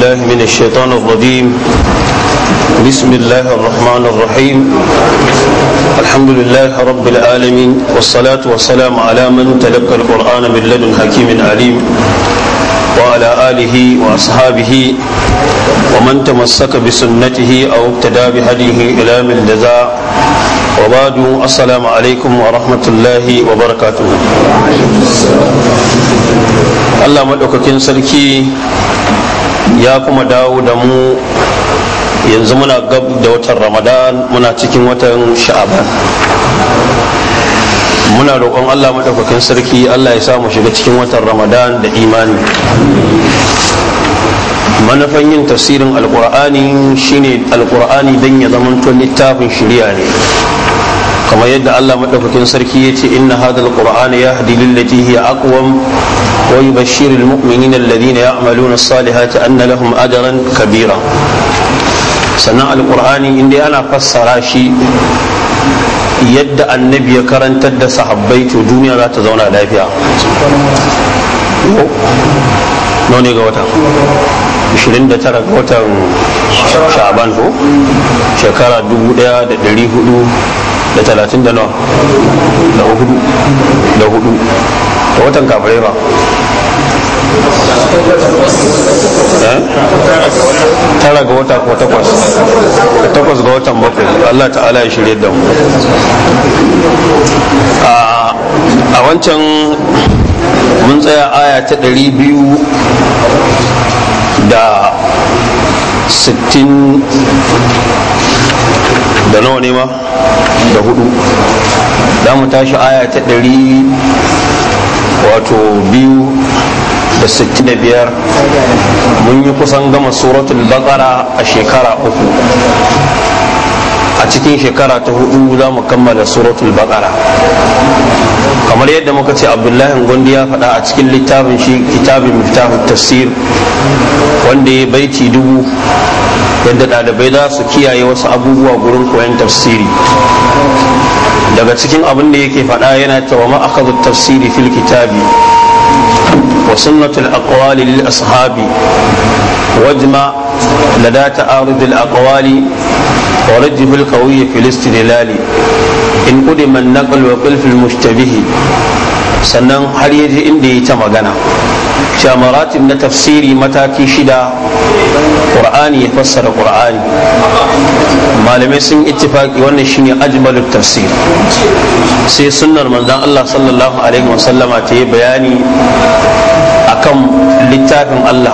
بالله من الشيطان الرجيم بسم الله الرحمن الرحيم الحمد لله رب العالمين والصلاة والسلام على من تلقى القرآن من لدن حكيم عليم وعلى آله وأصحابه ومن تمسك بسنته أو ابتدى بهديه إلى من جزاء وبعد السلام عليكم ورحمة الله وبركاته الله مدعوكين سلكي ya kuma dawo da mu yanzu muna gab da watan ramadan muna cikin watan sha'aban muna roƙon allah maɗaukakin sarki allah ya mu shiga cikin watan ramadan da imani manufan yin tafsirin alƙur'ani shine alƙur'ani don ya zamanto littafin shirya ne kamar yadda Allah madaukakin sarki ya ce inna hadal qur'ana yahdi lati hiya aqwam wa yubashshiru mu'minina alladhina ya'maluna as-salihati anna lahum ajran kabira sannan qur'ani inda ana fassara shi yadda annabi ya karantar da sahabbai to duniya za ta zauna lafiya nawa ne ga wata 29 ga watan sha'aban ko shekara 1400 da talatin da nawa da hudu da hudu da watan kafirai eh? tara ga wata ko takwas da takwas ga watan bakwai Allah ta'ala ya shirye da mu a wancan mun tsaya aya ta ɗari biyu da sittin da nawa ne ma da hudu za mu tashi aya ta ɗari wato biyu da sittin da biyar mun yi kusan gama suratul baqara a shekara uku a cikin shekara ta hudu za mu kammala suratul baqara kamar yadda muka ce abdullahi gondi ya faɗa a cikin littafin shi kitabin miftahut tafsir wanda ya baiti dubu yadda ɗalibai za su kiyaye wasu abubuwa gurin koyon tafsiri daga cikin abin da yake faɗa yana cewa ma akhadhu tafsiri fil kitabi wa sunnatul aqwali lil ashabi wajma da ta'arud al aqwali wa rajih al qawiy fil istidlal in qudima an naql wa qil fil mushtabih sannan har yaje inda yi ta magana cewa na tafsiri mataki shida ƙur'ani ya fassara ƙur'ani malamai sun ittifaki wannan shine ajmalut tafsir sai sunnar manzon Allah sallallahu alaihi wasallama ta yi bayani akan littafin Allah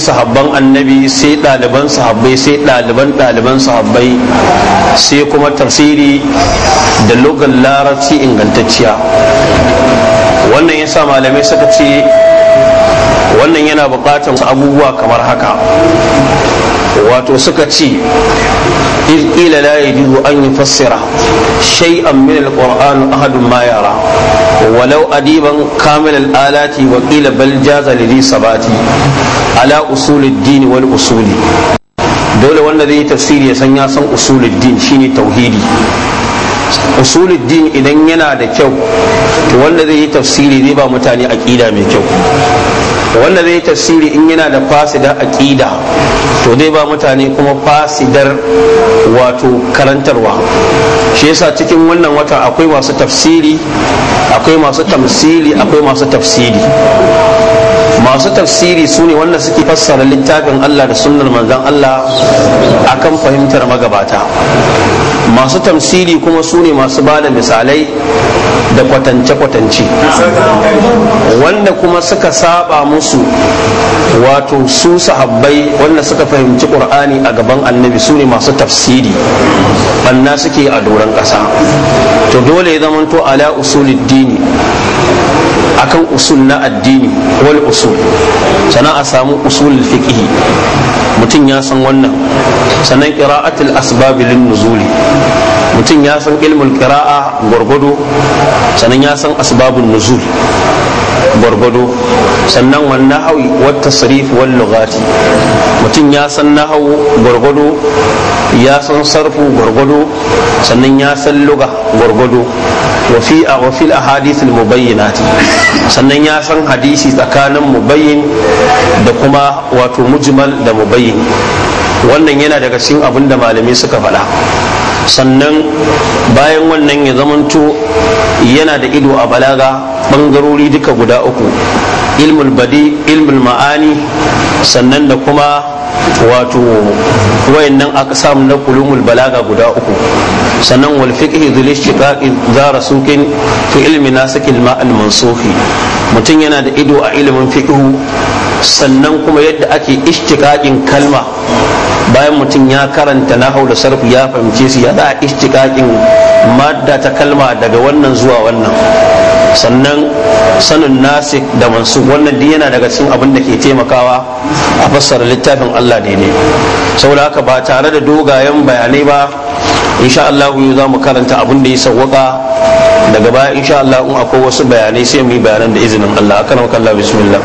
sahabban annabi sai ɗaliban sahabbai sai ɗaliban ɗaliban sahabbai sai kuma tafsiri da logan larabci ingantacciya wannan yasa malamai suka ce wannan yana buƙatar abubuwa kamar haka wato suka ce ƙila la yajuzu an yi fassira shay'an min alquran ahadun ma yara walau adiban kamil alalati wa qila bal jaza sabati ala usuluddin wal usuli dole wanda zai yi tafsiri ya san ya san usuluddin shine tauhidi usulidin idan yana da kyau wanda zai yi tafsiri zai ba mutane aƙida mai kyau to wanda zai tafsiri in yana da fasidar aƙida to dai ba mutane kuma fasidar wato karantarwa shi yasa cikin wannan wata akwai masu tafsiri akwai masu tamsili akwai masu tafsiri masu tafsiri su ne wanda suke fassara littafin Allah da sunnar manzan Allah akan fahimtar magabata masu tafsiri kuma su ne masu ba da misalai da kwatance-kwatance wanda kuma suka saba musu wato su sahabbai wanda suka fahimci ƙur'ani a gaban annabi su ne masu tafsiri banna suke a doron ƙasa to dole ya zamanto ala usulid dini akan usul na addini wal usul sannan a samu usul fiqhi mutum ya san wannan sannan qira'atul asbab lin nuzuli mutum ya san ilmul qira'a gwargwado sannan ya san asbabun nuzul gwargwado sannan wa nahawi wa tasrif wal mutum ya san nahawu gwargwado ya san sarfu gwargwado sannan ya san luga gwargwado wa fi a wa fil ahadith al mubayyinati sannan ya san hadisi tsakanin mubayyin da kuma wato mujmal da mubayyin wannan yana daga cikin abin da malamai suka faɗa sannan bayan wannan ya zamanto yana da ido a balaga bangarori duka guda uku ilmul badi ilmul ma'ani sannan da kuma wato nan aka samu na kulumul balaga guda uku sannan wal fiqhi dhul istiqaqi zara sukin fi ilmi nasikil ma'al mansuhi mutum yana da ido a ilimin fiqhu sannan kuma yadda ake istiqaqin kalma bayan mutum ya karanta na hau da sarki ya fahimce su ya za a ishtiƙaƙin madda ta kalma daga wannan zuwa wannan sannan sanin nasik da mansu wannan duk yana daga cikin abin da ke taimakawa a fassara littafin Allah daidai saboda haka ba tare da dogayen bayanai ba insha Allah za mu karanta abin da ya sawwaka daga baya insha Allah in akwai wasu bayanai sai mu yi bayanan da izinin Allah akan allah bismillah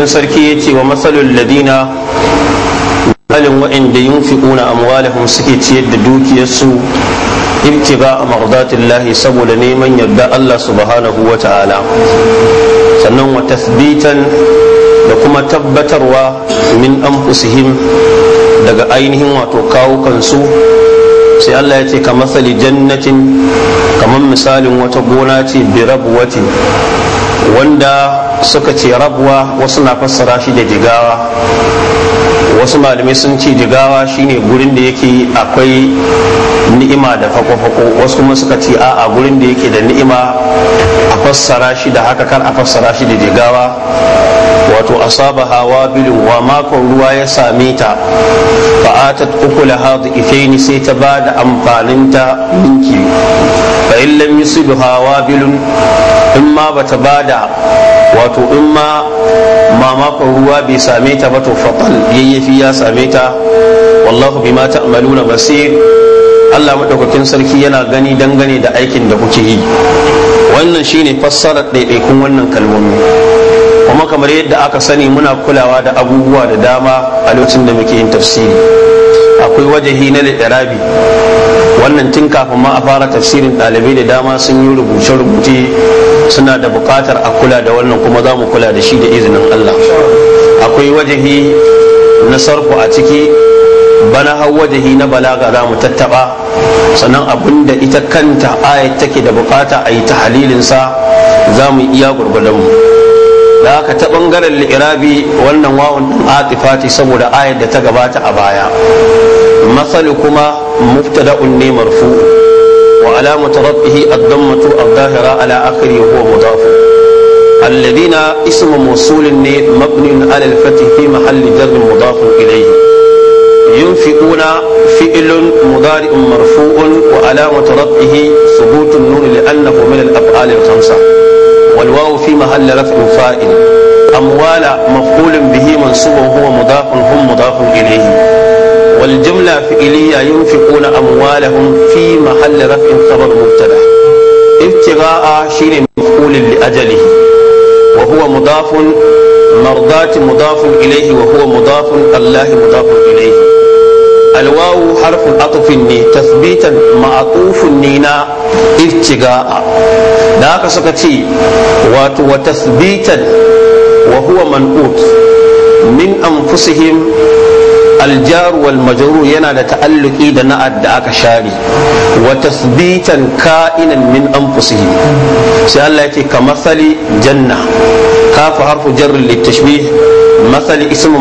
madaukakin sarki ya ce wa matsalul ladina halin waɗanda yin fiƙuna amwalahum suke ciyar da dukiyarsu ibtiga a mardatillahi saboda neman yarda Allah subhanahu wa ta'ala sannan wa tasbitan da kuma tabbatarwa min anfusihim daga ainihin wato kawukansu sai Allah ya ce ka matsali jannatin kamar misalin wata gona ce birabwatin wanda suka ce rabuwa wasu na fassara shi da jigawa wasu malamai sun ce jigawa shine gurin da yake akwai ni'ima da fako-fako wasu kuma suka ce a'a gurin da yake da ni'ima a fassara shi da haka kar a fassara shi da jigawa wato asaba hawa bilu wa makon ruwa ya same ta fa'atat ukula hadu ifaini sai ta ba da amfaninta ninki fa illam yusibu hawa bilun in ma ta ba da wato in ma mamakon ruwa bai same ta ba to fatal yayyafi ya same ta wallahu bima ta'maluna basir Allah madaukakin sarki yana gani dangane da aikin da kuke yi wannan shine fassarar ɗaiɗaikun wannan kalmomi kuma kamar yadda aka sani muna kulawa da abubuwa da dama a lokacin da muke yin tafsiri akwai wajahi na liɗarabi wannan tun kafin ma a fara tafsirin ɗalibai da dama sun yi rubuce-rubuce suna da buƙatar a kula da wannan kuma za mu kula da shi da izinin Allah akwai wajahi na sarku a ciki bana hau wajahi na balaga za mu tattaba sannan abin da ita kanta ayat take da bukata a yi ta halilinsa za mu iya gurgudanmu da aka ta bangaren li'irabi wannan wawan ɗin ce saboda ayat da ta gabata a baya matsali kuma مبتدا مرفوع وعلامة ربه الضمة الظاهرة على آخره وهو مضاف الذين اسم موصول مبني على الفتح في محل جر مضاف إليه ينفقون فعل مضارع مرفوع وعلامة ربه ثبوت النون لأنه من الأفعال الخمسة والواو في محل رفع فائل أموال مفعول به منصوب وهو مضاف هم مضاف إليه wal jumla fi'liya yunfiquna amwalahum fi mahalli raf'in khabar mubtada ibtigha'a shine maf'ulun li ajalihi wa huwa mudafun مرضات مضاف إليه وهو مضاف الله مضاف إليه الواو حرف عطف تثبيتا معطوف نينا ارتقاء ذاك سكتي وتثبيتا وهو منقوط من أنفسهم aljaruwal wal yana da ta'alluki da na'ad da aka share wa tasbitan ka'inan min anfusihim sai Allah yake ka masali janna kafu harfu jar litashbih masali ismu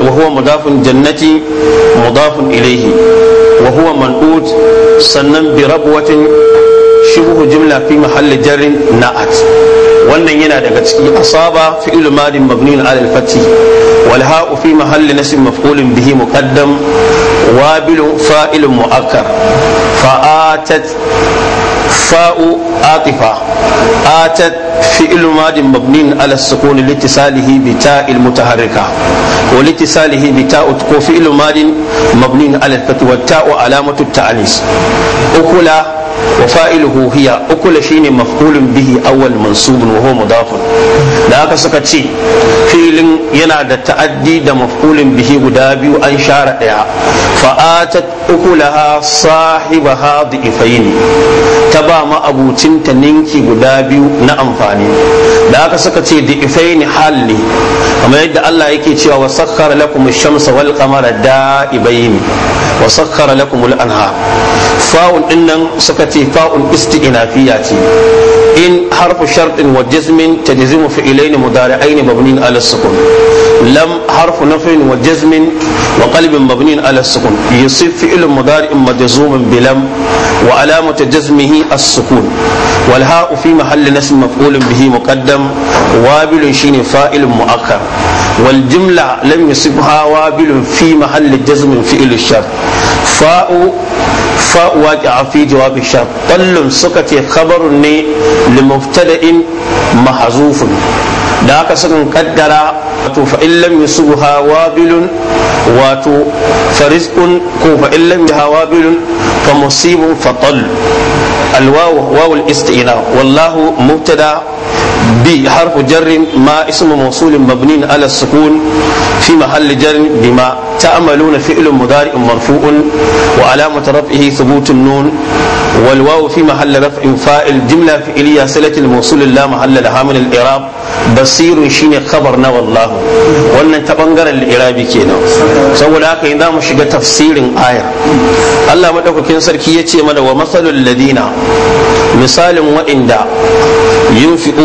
وهو مضاف جنتي مضاف إليه وهو منقوط سنن بربوة shubuhu jumla fi mahalli jarrin na'at wannan yana daga ciki asaba fi'l madin mabniun alal al-fath wal ha'u fi mahalli nasb mafulin bihi muqaddam wabil fa'il mu'akkar fa'atat فاء عاطفة آتت فعل ماد مبني على السكون لاتصاله بتاء المتحركة ولاتصاله بتاء تقو فعل مبني على الفتح والتاء علامة التعنيس أكلا وفائله هي أكل شيء مفعول به أول منصوب وهو مضاف لذلك سكتي فيل ينادى التأدي دا مفعول به ودابي وأن شارع فآتت أكلها صاحبها ضعفين تبا ما أبو تنت ننكي ودابي نأنفاني لذلك سكتي ضعفين حالي كما يدى الله يكي تيوى وسخر لكم الشمس والقمر دائبين وسخر لكم الأنهار فاول إنن سكت ce fa'ul isti'inafiya ce in harfu shartin wa jazmin tajzimu fi'ilaini mudari'ain ala sukun lam harfu nafin wa jazmin wa qalbin ala sukun yusif mudari'in bilam wa alamatu jazmihi as-sukun wal ha'u fi mahalli nasb maf'ulun bihi muqaddam wabilun shine الشر فاء fa waqi'a fi jawab ash-shart suka ce khabarun ne li mubtada'in mahzufun da aka sukan kaddara wato fa in lam yusibha wabilun wato farizqun ko fa in lam yusibha wabilun fa musibun fa tall الواو واو الاستئناف والله مبتدا ب حرف جر ما اسم موصول مبني على السكون في محل جر بما تعملون فعل مضارع مرفوع وعلامة رفعه ثبوت النون والواو في محل رفع فاعل جملة فعلية صلة الموصول لا محل لها من الإعراب بصير شين خبرنا والله وأن تبنغر الإعراب كينا سوى لك إذا مش تفسير آية الله مدعوك كنسر كي يتي ومثل الذين misalin waɗanda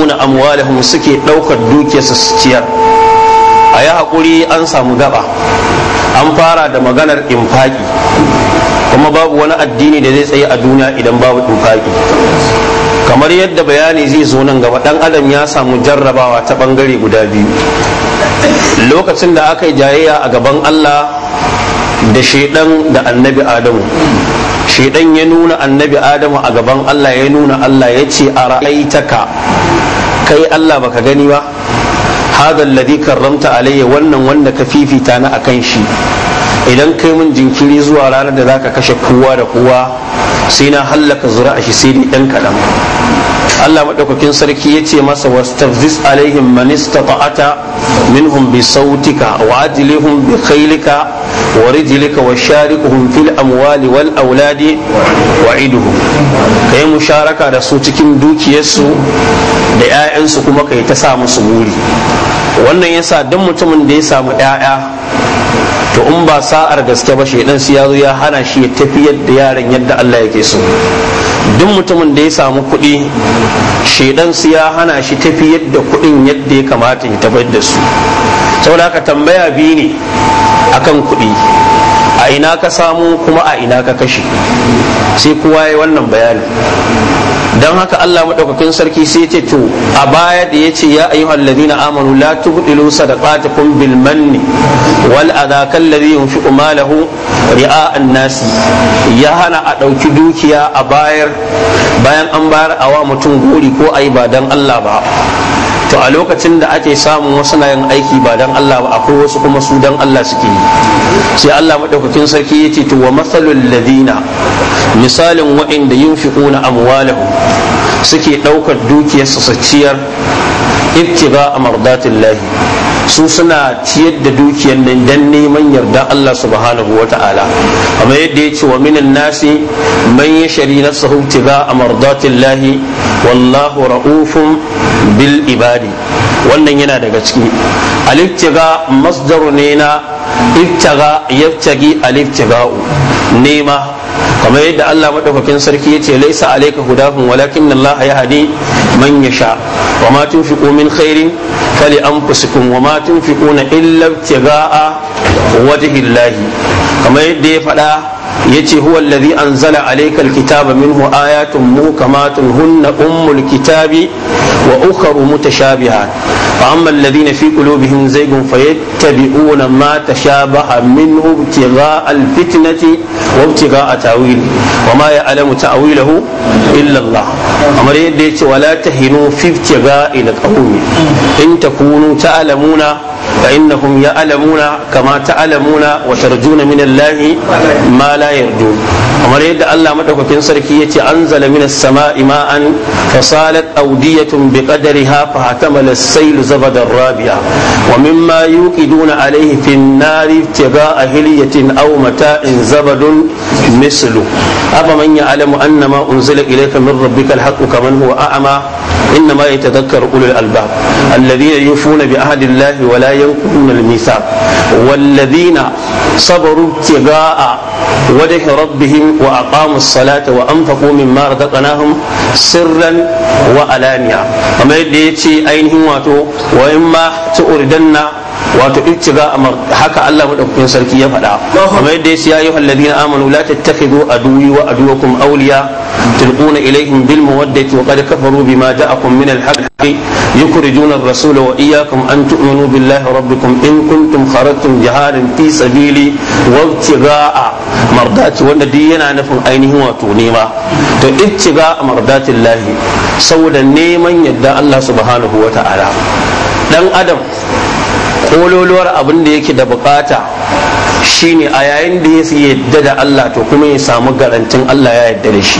na amwalahum suke ɗaukar dukiyarsu su ciyar a yi haƙuri an samu gaba an fara da maganar infaki kuma babu wani addini da zai tsaye a duniya idan babu infaki kamar yadda bayani zai zo nan gaba ɗan adam ya samu jarrabawa ta ɓangare guda biyu lokacin da aka yi jayayya a gaban allah da shaidan da annabi adamu shedan ya nuna annabi adamu a gaban Allah ya nuna Allah ya ce a ra'aitaka kai Allah baka gani ba hada karramta alayya wannan wanda ka fifita na akan shi idan kai mun jinkiri zuwa ranar da zaka kashe kowa da kowa sai na hallaka zura'a shi sai dai dan kadan Allah maɗaukakin sarki ya ce masa wastafzis alaihim man istata'ata minhum bi sautika wa ajlihum bi khaylika wa rijlika wa sharikuhum fil amwali wal auladi wa iduhum musharaka da su cikin dukiyarsu da 'ya'yansu kuma kai ta sa musu buri wannan yasa duk mutumin da ya samu 'ya'ya to in ba sa'ar gaske ba shi sai ya zo ya hana shi ya tafiyar da yaran yadda Allah yake so duk mutumin da ya samu kuɗi shaidan su ya hana shi tafiyar yadda kuɗin yadda ya kamata ya tabbatar da su saboda ka tambaya biyu ne akan kuɗi a ina ka samu kuma a ina ka kashe sai kowa ya wannan bayani don haka Allah maɗaukakin sarki sai ya ce to a baya da ya ce ya ayyuhal na amanu la tubdilu sadaqatukum bil manni wal adha kal ladhi yunfiqu malahu ri'a an-nas ya hana a ɗauki dukiya a bayar bayan an bayar awa mutum gori ko ayi ba dan Allah ba to a lokacin da ake samun wasu na yin aiki ba dan Allah ba akwai wasu kuma su dan Allah suke yi sai Allah madaukakin sarki yace to wa masalul ladina misalin wa'inda yunfiquna amwalahum suke daukar dukiyarsu su ciyar ibtiga amardatillahi su suna ciyar da dukiyar nan dan neman yarda Allah subhanahu wa ta'ala amma yadda ya ce wa minin nasi man yashri nafsahu tiba amardatillahi wallahu ra'ufun bil ibadi wannan yana daga ciki aliftiga masdaru ne na iftaga yaftagi aliftiga'u nema kamar yadda Allah madaukakin sarki yace laisa alayka hudahum walakin Allah yahdi man yasha wa ma tunfiqu min khairin fali anfusikum wa ma tunfiquna illa ibtigaa wajhi Allah kamar yadda ya faɗa yace huwa alladhi anzala alayka alkitaba minhu ayatun muhkamatun hunna ummul kitabi wa ukhra mutashabihat فأما الذين في قلوبهم زيغ فيتبعون ما تشابه منه ابتغاء الفتنة وابتغاء تأويل وما يعلم تأويله إلا الله أمر يديت ولا تهنوا في ابتغاء القوم إن تكونوا تعلمون فإنهم يعلمون كما تعلمون وترجون من الله ما لا يرجون kamar yadda Allah madaukakin sarki ya yace anzala minas sama'i ma'an fasalat awdiyatun biqadriha fa hatamala as-sayl zabada rabi'a wa mimma yuqiduna alayhi fin nari tiba'a hilyatin aw mata'in zabadun mislu afa man alamu annama unzila ilayka min rabbikal haqqu kaman huwa a'ma وإنما يتذكر أولو الألباب الذين يوفون بعهد الله ولا ينقضون الميثاق والذين صبروا ابتغاء وجه ربهم وأقاموا الصلاة وأنفقوا مما رزقناهم سرا وألانيا وما يدي أينهم واتو وإما تؤردن wato amma haka Allah madaukakin sarki ya faɗa kuma yadda ya siya ayyuhal ladina amanu la tattakhidhu aduwi wa aduwakum awliya tulquna ilayhim bil mawaddati wa qad kafaru bima ja'akum min al haqqi yukhrijuna ar-rasula wa iyyakum an tu'minu billahi rabbikum in kuntum kharajtum jihadan fi sabili wa ibtigaa mardati wanda duk yana nufin ainihin wato nema to ibtigaa mardatillahi saboda neman yadda Allah subhanahu wa ta'ala dan adam kololuwar abin da yake da bukata shine a yayin da ya yadda da Allah to kuma ya samu garantin Allah ya yadda da shi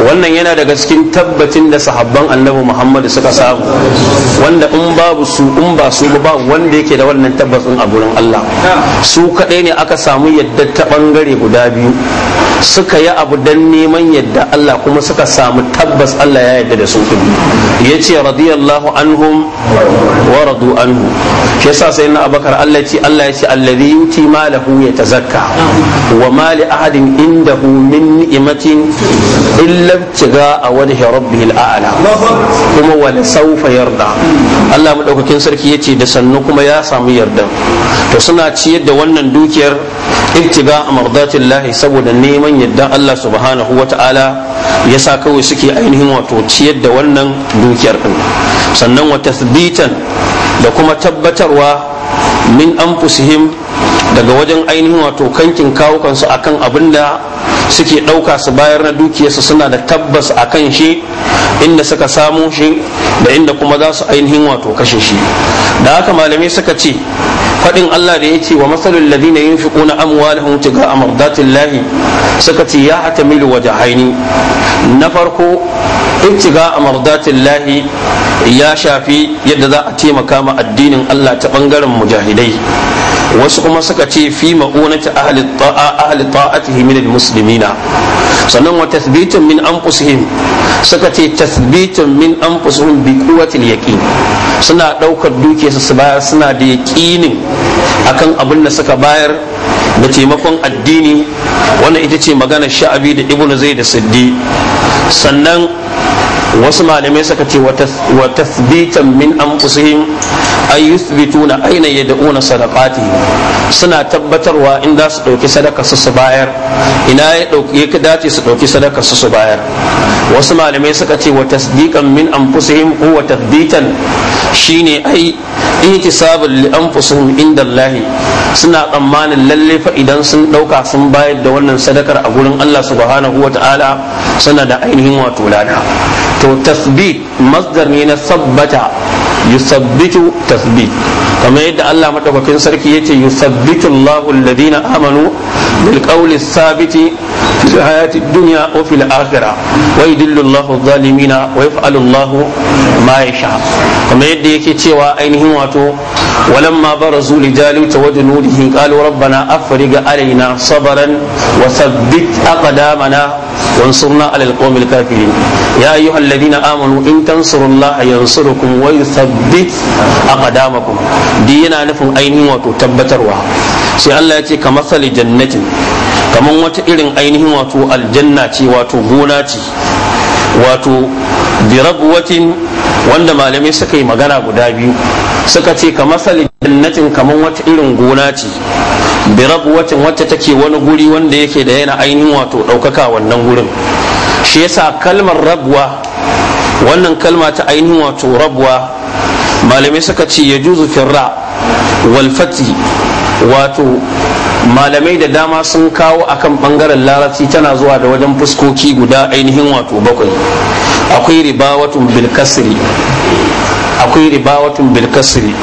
wannan yana daga cikin tabbacin da sahabban annabi Muhammad suka samu wanda in babu su in ba su ba wanda yake da wannan tabbacin a gurin Allah su kadai ne aka samu yadda ta bangare guda biyu suka yi abu dan neman yadda Allah kuma suka samu tabbas Allah ya yadda da su ya ce radiyallahu anhum wa radu anhu ke sa sai na abakar Allah ce Allah ya ce alladhi yuti mal lahu yatazakka wa ma ahadin indahu min ni'matin a wajhi a'la kuma wal sawfa yarda Allah madaukakin sarki ya ce da sannu kuma ya samu yarda to suna ciyar da wannan dukiyar ibtiga mardatillahi saboda neman yadda Allah subhanahu wata'ala ya sa kawai suke ainihin wato ciyar da wannan dukiyar din sannan wa tathbitan da kuma tabbatarwa min anfusihim daga wajen ainihin wato kankin kawukansu akan abin da suke ɗauka su bayar na dukiyarsu suna da tabbas a kan shi inda suka samo shi da inda kuma za su ainihin wato kashe shi da haka malamai suka ce faɗin Allah da ya ce wa matsalin ladina yin fi ƙuna amwalihun tiga a lahi suka ce ya hata milu waje haini na farko ittiga a lahi ya shafi yadda za a taimaka ma addinin Allah ta bangaren mujahidai wasu kuma suka ce fi ma'unati ahli ta'a ahli ta'atihi min almuslimina sannan wa tathbitun min anfusihim suka ce tathbitun min anfusihim bi quwwati alyaqin suna daukar dukiyarsu su bayar suna da yaqinin akan abin da suka bayar da taimakon addini wannan ita ce maganar sha'abi da ibnu zaid da siddi sannan wasu malamai suka ce wa tathbitan min anfusihim ay yuthbituna aina yad'una sadaqati suna tabbatarwa in za su dauki sadaka su su bayar ina ya dauki dace su dauki sadaka su su bayar wasu malamai suka ce wa tasdiqan min anfusihim ko wa tathbitan shine ai ihtisabun li anfusihim inda Allah suna tsammanin lalle fa idan sun dauka sun bayar da wannan sadakar a gurin Allah subhanahu wata'ala suna da ainihin wato lada to tasbit masdar ne na sabbata yusabbitu tasbit kamar yadda Allah madaukakin sarki yace yusabbitu Allahu alladhina amanu bil qawli sabiti fil hayati dunya wa fil akhirah wa yudillu Allahu adh-dhalimina wa yaf'alu Allahu ma yasha kamar yadda yake cewa ainihin wato walan ma bar zuli jali ta wajen nuri hin kalu rabbana afari ga alaina sabaran wa sabbit aqada mana wa nsurna alal qawmil kafirin ya ayyuha alladhina amanu in tansurullaha yansurukum wa yuthabbit aqdamakum di yana nufin ainihin wato tabbatarwa sai Allah ya ce ka masali jannatin kamar wata irin ainihin wato aljanna ce wato gona ce wato birabwatin wanda malamai suka yi magana guda biyu suka ce ka masalin jannatin kamar wata irin gona ce birabwatin wacce take wani guri wanda yake da yana ainihin wato ɗaukaka wannan gurin shi yasa kalmar rabwa wannan kalma ta ainihin wato rabwa malamai suka ce ya juzu firra walfati wato malamai da dama sun kawo akan bangaren larabci tana zuwa da wajen fuskoki guda ainihin wato bakwai akwai riba ribawatun bilkasiri akwai riba ribawatun bilkasiri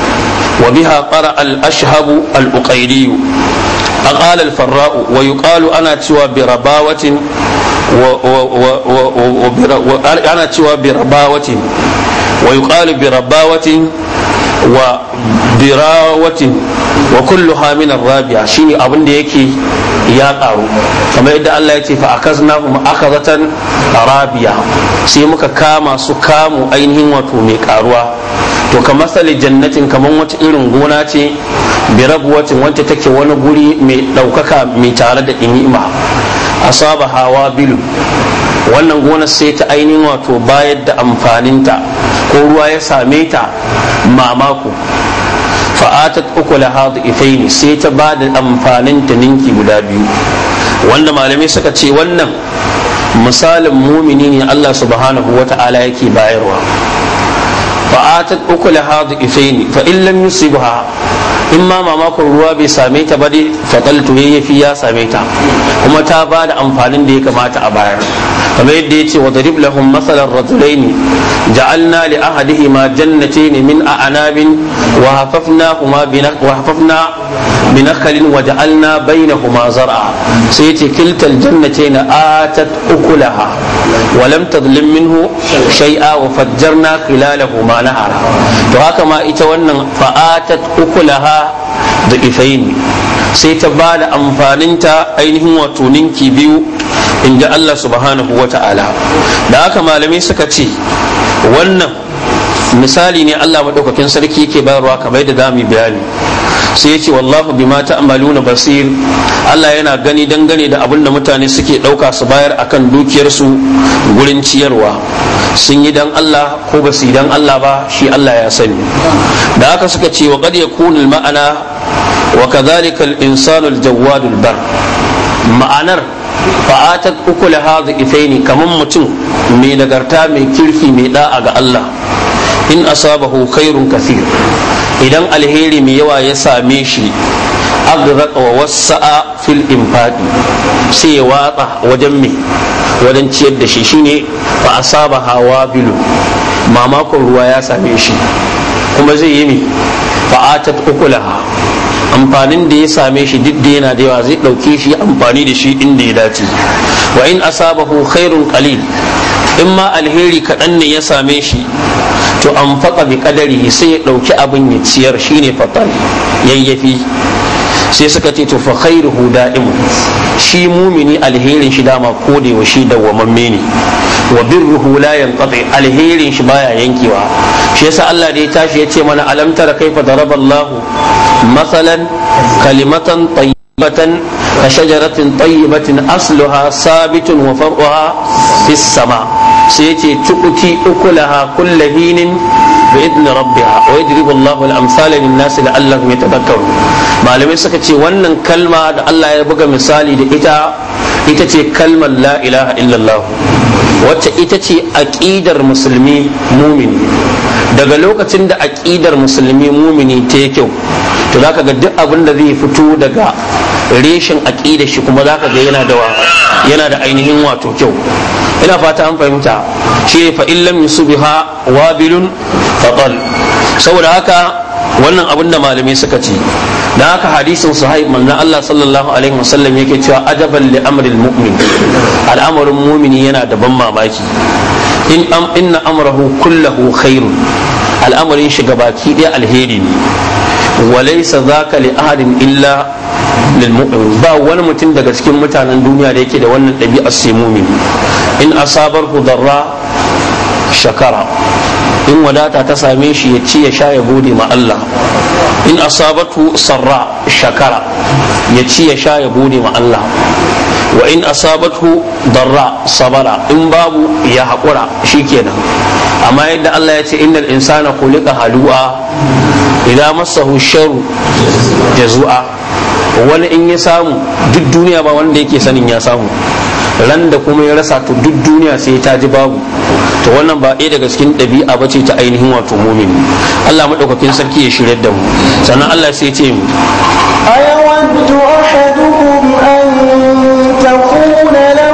wa biha qara al-ashhabu al uqaydi aqal al-farra'u wa yuqalu ana cewa bi rabawatin wa ana cewa bi rabawatin wa yuqalu bi rabawatin wa birawatin wa kullu min rabi'a shine abin da yake ya karu kamar yadda Allah ya ce fa akaznahum akazatan rabi'a sai muka kama su kamu ainihin wato mai karuwa to ka masali jannatin kamar wata irin gona ce bi rabuwatin wacce take wani guri mai daukaka mai tare da inima asaba hawa bilu wannan gona sai ta ainihin wato bayar da amfaninta ko ruwa ya same ta mamako fa'atat ukulaha ifaini sai ta ba da amfanin ta ninki guda biyu wanda malamai suka ce wannan misalin mumini ne Allah subhanahu wa ta'ala yake bayarwa fa'atat ukulaha ifaini fa in yusibha in ma mamakon ruwa bai same ta ba dai fataltu yafi ya same ta kuma ta ba da amfanin da ya kamata a bayar kamar yadda yace wa darib lahum masalan rajulaini ja'alna li ahadihima jannatayn min a'nabin wa hafafnahuma bi wa hafafna bi nakhlin wa ja'alna bainahuma zar'a sai yace kiltal jannatayn atat ukulaha wa lam tadlim minhu shay'a wa fajjarna khilalahuma nahara to haka ma ita wannan fa'atat ukulaha da ifaini sai ta ba da amfaninta ainihin wato ninki biyu in ji Allah subhanahu wa ta'ala da haka malamai suka ce wannan misali ne Allah maɗaukakin sarki ke bayarwa kamar da zamu bayani sai yace wallahu bima ta'maluna basir Allah yana gani dangane da abin da mutane suke ɗauka su bayar akan dukiyarsu gurin ciyarwa sun yi dan Allah ko ba su yi dan Allah ba shi Allah ya sani da haka suka ce wa qad yakunu ma'ana wa kadhalika al-insanu al bar ma'anar fa'atat da hadhi itaini kamar mutum mai nagarta mai kirki mai da'a ga Allah in asabahu khairun kathir idan alheri mai yawa ya same shi agraqa wa wasa'a fil infaqi sai ya watsa wajen mai wajen ciyar da shi shine fa asaba hawa bilu mamakon ruwa ya same shi kuma zai yi mai fa'atat ukulaha amfanin da ya same shi duk da yana da yawa zai ɗauke shi amfani da shi inda ya dace wa in asabahu khairun qalil in ma alheri kaɗan ne ya same shi to an faɗa bi kadari sai ya ɗauki abin ya ciyar ne fatal yayyafi sai suka ce to fa khairuhu da'im shi mumini alherin shi dama ko da yaushe dawwamamme ne wa birruhu la yanqati alherin shi baya yankewa shi yasa Allah da ya tashi ya ce mana alam tara kaifa daraba Allah masalan kalimatan tayyibatan ka shajaratin tayyibatin asluha sabitun wa far'uha fis sama sai yace tukuti ukulaha kullu hinin بإذن ربها da الله الأمثال للناس لعلهم يتذكرون malamai suka ce wannan kalma da Allah ya buga misali da ita ita ce kalmar la ilaha illallah wacce ita ce aƙidar musulmi mumini daga lokacin da aƙidar musulmi mumini ta yi kyau to za ka ga duk abin da zai fito daga reshen aƙidar shi kuma za ka ga yana da ainihin wato kyau ina fata an fahimta shi fa illam yusubiha wabilun fatal saboda haka wannan abin da malamai suka ce da haka hadisin sahih manzon Allah sallallahu alaihi wasallam yake cewa ajaban li amril mu'min al'amarin mumini yana da ban mamaki in am inna amrahu kullahu khairun al'amarin shi gabaki ɗaya alheri ne walaysa zaka li ahadin illa lil mu'min ba wani mutum daga cikin mutanen duniya da yake da wannan ɗabi'ar sai mumin in asabar darra shakara in wadata ta same shi ya ci ya sha ya gode ma Allah in asabatu sarra shakara ya ci ya sha ya gode ma Allah wa in asabatu darra sabara in babu ya haƙura shikenan amma yadda Allah ya ce innal insana khuliqa halu'a idan masahu sharu jazua wani in ya samu duk duniya ba wanda yake sanin ya samu ran da kuma ya rasa to duk duniya sai ta ji babu to wannan ba ɗaya daga cikin ɗabi'a ba ce ta ainihin wato mumin Allah maɗaukakin sarki ya shirya da mu sannan Allah sai ce mu ayawaddu ahadukum an takuna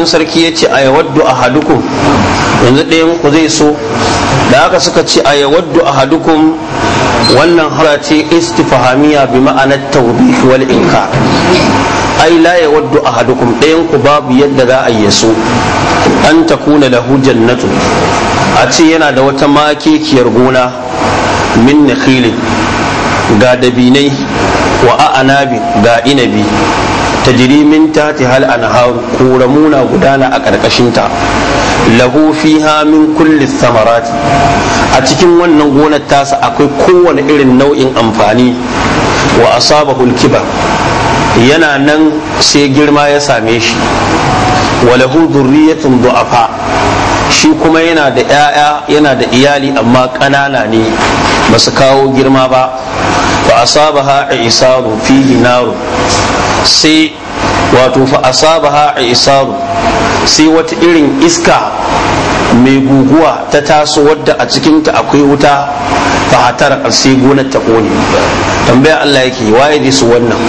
madaukakin sarki ya ce a waddu a hadukum yanzu ɗayan ku zai so da haka suka ce a waddu a hadukum wannan hara ce istifahamiya bi ma'anar taubi wal inka ai la waddu a hadukum ɗayan ku babu yadda za a yi so an takuna lahu jannatu a ce yana da wata makekiyar gona min nakhilin ga dabinai wa a'anabi ga inabi ta hal ta tihal kura na gudana a ƙarƙashinta lahu fiha min kulli samarati a cikin wannan gonar tasa akwai kowane irin nau'in amfani wa asabahu kibar yana nan sai girma ya same shi wa lahu dhurriyyatun du'afa shi kuma yana da 'ya'ya yana da iyali amma ƙanana ne basu kawo girma ba fa asabaha isaru fihi naru sai wato fa asabaha isaru sai wata irin iska mai guguwa ta taso wadda a cikinta akwai wuta fa hatar sai gonar ta kone tambaya Allah yake waye zai su wannan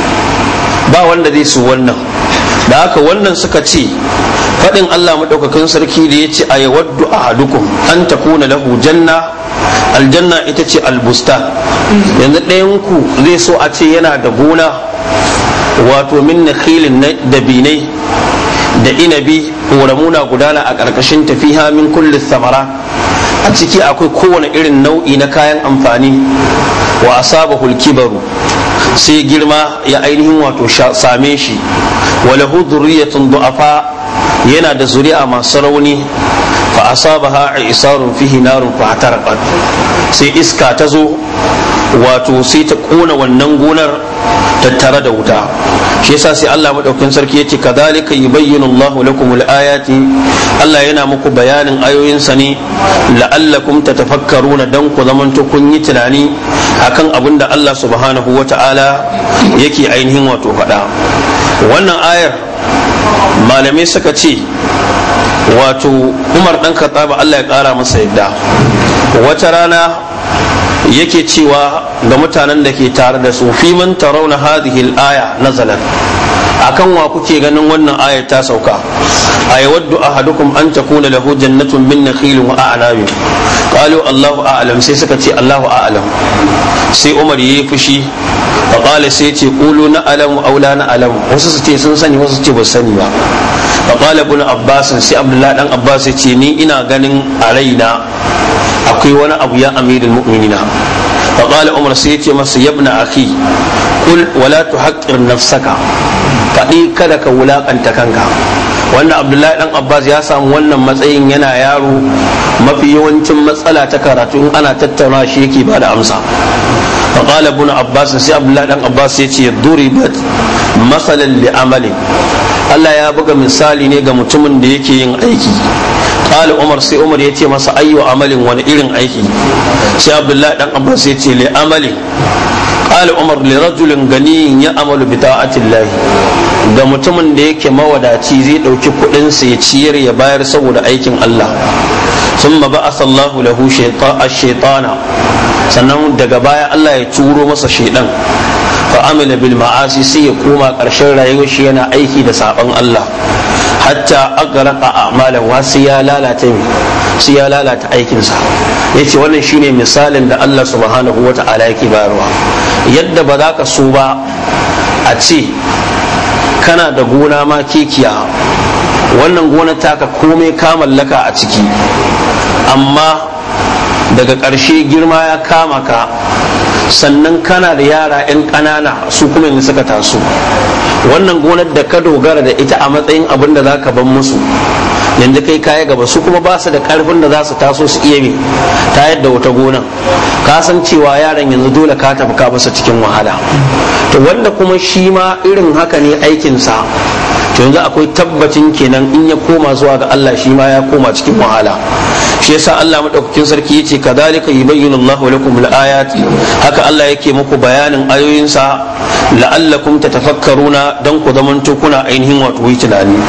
ba wanda zai su wannan da haka wannan suka ce fadin Allah maɗaukakin sarki da ya ce a yawaddu ahadukum an takuna lahu janna aljanna ita ce albusta yanzu ɗayan ku zai so a ce yana da gona wato min na dabinai da inabi horamuna gudana a ƙarƙashin tafiya min kulli samara a ciki akwai kowane irin nau'i na kayan amfani wa a saba hulki hulkibaru sai girma ya ainihin wato same shi wa lahu dhurriyatun du'afa yana da zuri'a masu rauni fa asabaha isarun fihi narun fa hatarqat sai iska ta zo wato sai ta kona wannan gonar tattare da wuta shi yasa sai Allah madaukakin sarki yace kadhalika yubayyinu Allahu lakum al-ayati Allah yana muku bayanin ayoyinsa ne la'allakum tatafakkaruna dan ku zamanto kun yi tunani akan abin da Allah subhanahu wata'ala yake ainihin wato faɗa wannan ayar malamai suka ce wato umar dan ba Allah ya kara masa yadda wata rana yake cewa ga mutanen da ke tare da su fi man tarawna hadhihi al-aya nazalat akan wa kuke ganin wannan ayar ta sauka a ahadukum an takuna lahu jannatun min nakhilin wa a'nabin qalu allahu a'lam sai suka ce allahu a'lam sai umar yayi fushi wa qala sai ce qulu na alamu aw la na alamu wasu su ce sun sani wasu su ce ba sani ba faƙala ibn abbas sai abdullahi dan abbas ya ce ni ina ganin a raina akwai wani abu ya amirul mu'minina faƙala umar sai ya ce masa yabna aki kul wala tuhaqqir nafsaka faɗi kada ka wulaƙanta kanka wannan abdullahi dan abbas ya samu wannan matsayin yana yaro mafi yawancin matsala ta karatu in ana tattauna shi yake ba da amsa faƙala ibn abbas sai abdullahi dan abbas ya ce duribat masalan li amalin Allah ya buga misali ne ga mutumin da yake yin aiki qala umar sai umar yace masa ayyu amalin wani irin aiki sai abdullahi dan abbas yace li amali qala umar li gani ganiyin ya amalu bi atillahi ga mutumin da yake mawadaci zai dauki kudin sa ya ciyar ya bayar saboda aikin Allah ثم بعث الله له الشيطان sannan daga baya Allah ya turo masa shaidan fa amila bil ma'asi sai ya koma ƙarshen rayuwar shi yana aiki da sabon Allah hatta agaraka a'malan wa ya lalata sai ya lalata aikinsa yace wannan shine misalin da Allah subhanahu wata'ala yake bayarwa yadda ba za ka so ba a ce kana da gona ma kekiya wannan gona taka komai ka mallaka a ciki amma daga ƙarshe girma ya kama ka sannan kana da yara 'yan kanana su kuma yanzu suka taso wannan gonar da ka dogara da ita a matsayin abin da za ka ban musu yanzu kai kaya gaba su kuma ba su da karfin da za su taso su iya mai ta yadda wata gonan ka san cewa yaran yanzu dole ka tafi ka basu cikin wahala to wanda kuma shi ma irin haka ne aikinsa to yanzu akwai tabbacin kenan in ya koma zuwa ga Allah shi ma ya koma cikin wahala shi yasa Allah madaukakin sarki yace kadhalika yubayyinu Allahu lakum al-ayati haka Allah yake muku bayanin ayoyinsa la'allakum tatafakkaruna dan ku zamanto kuna ainihin wato yi tunani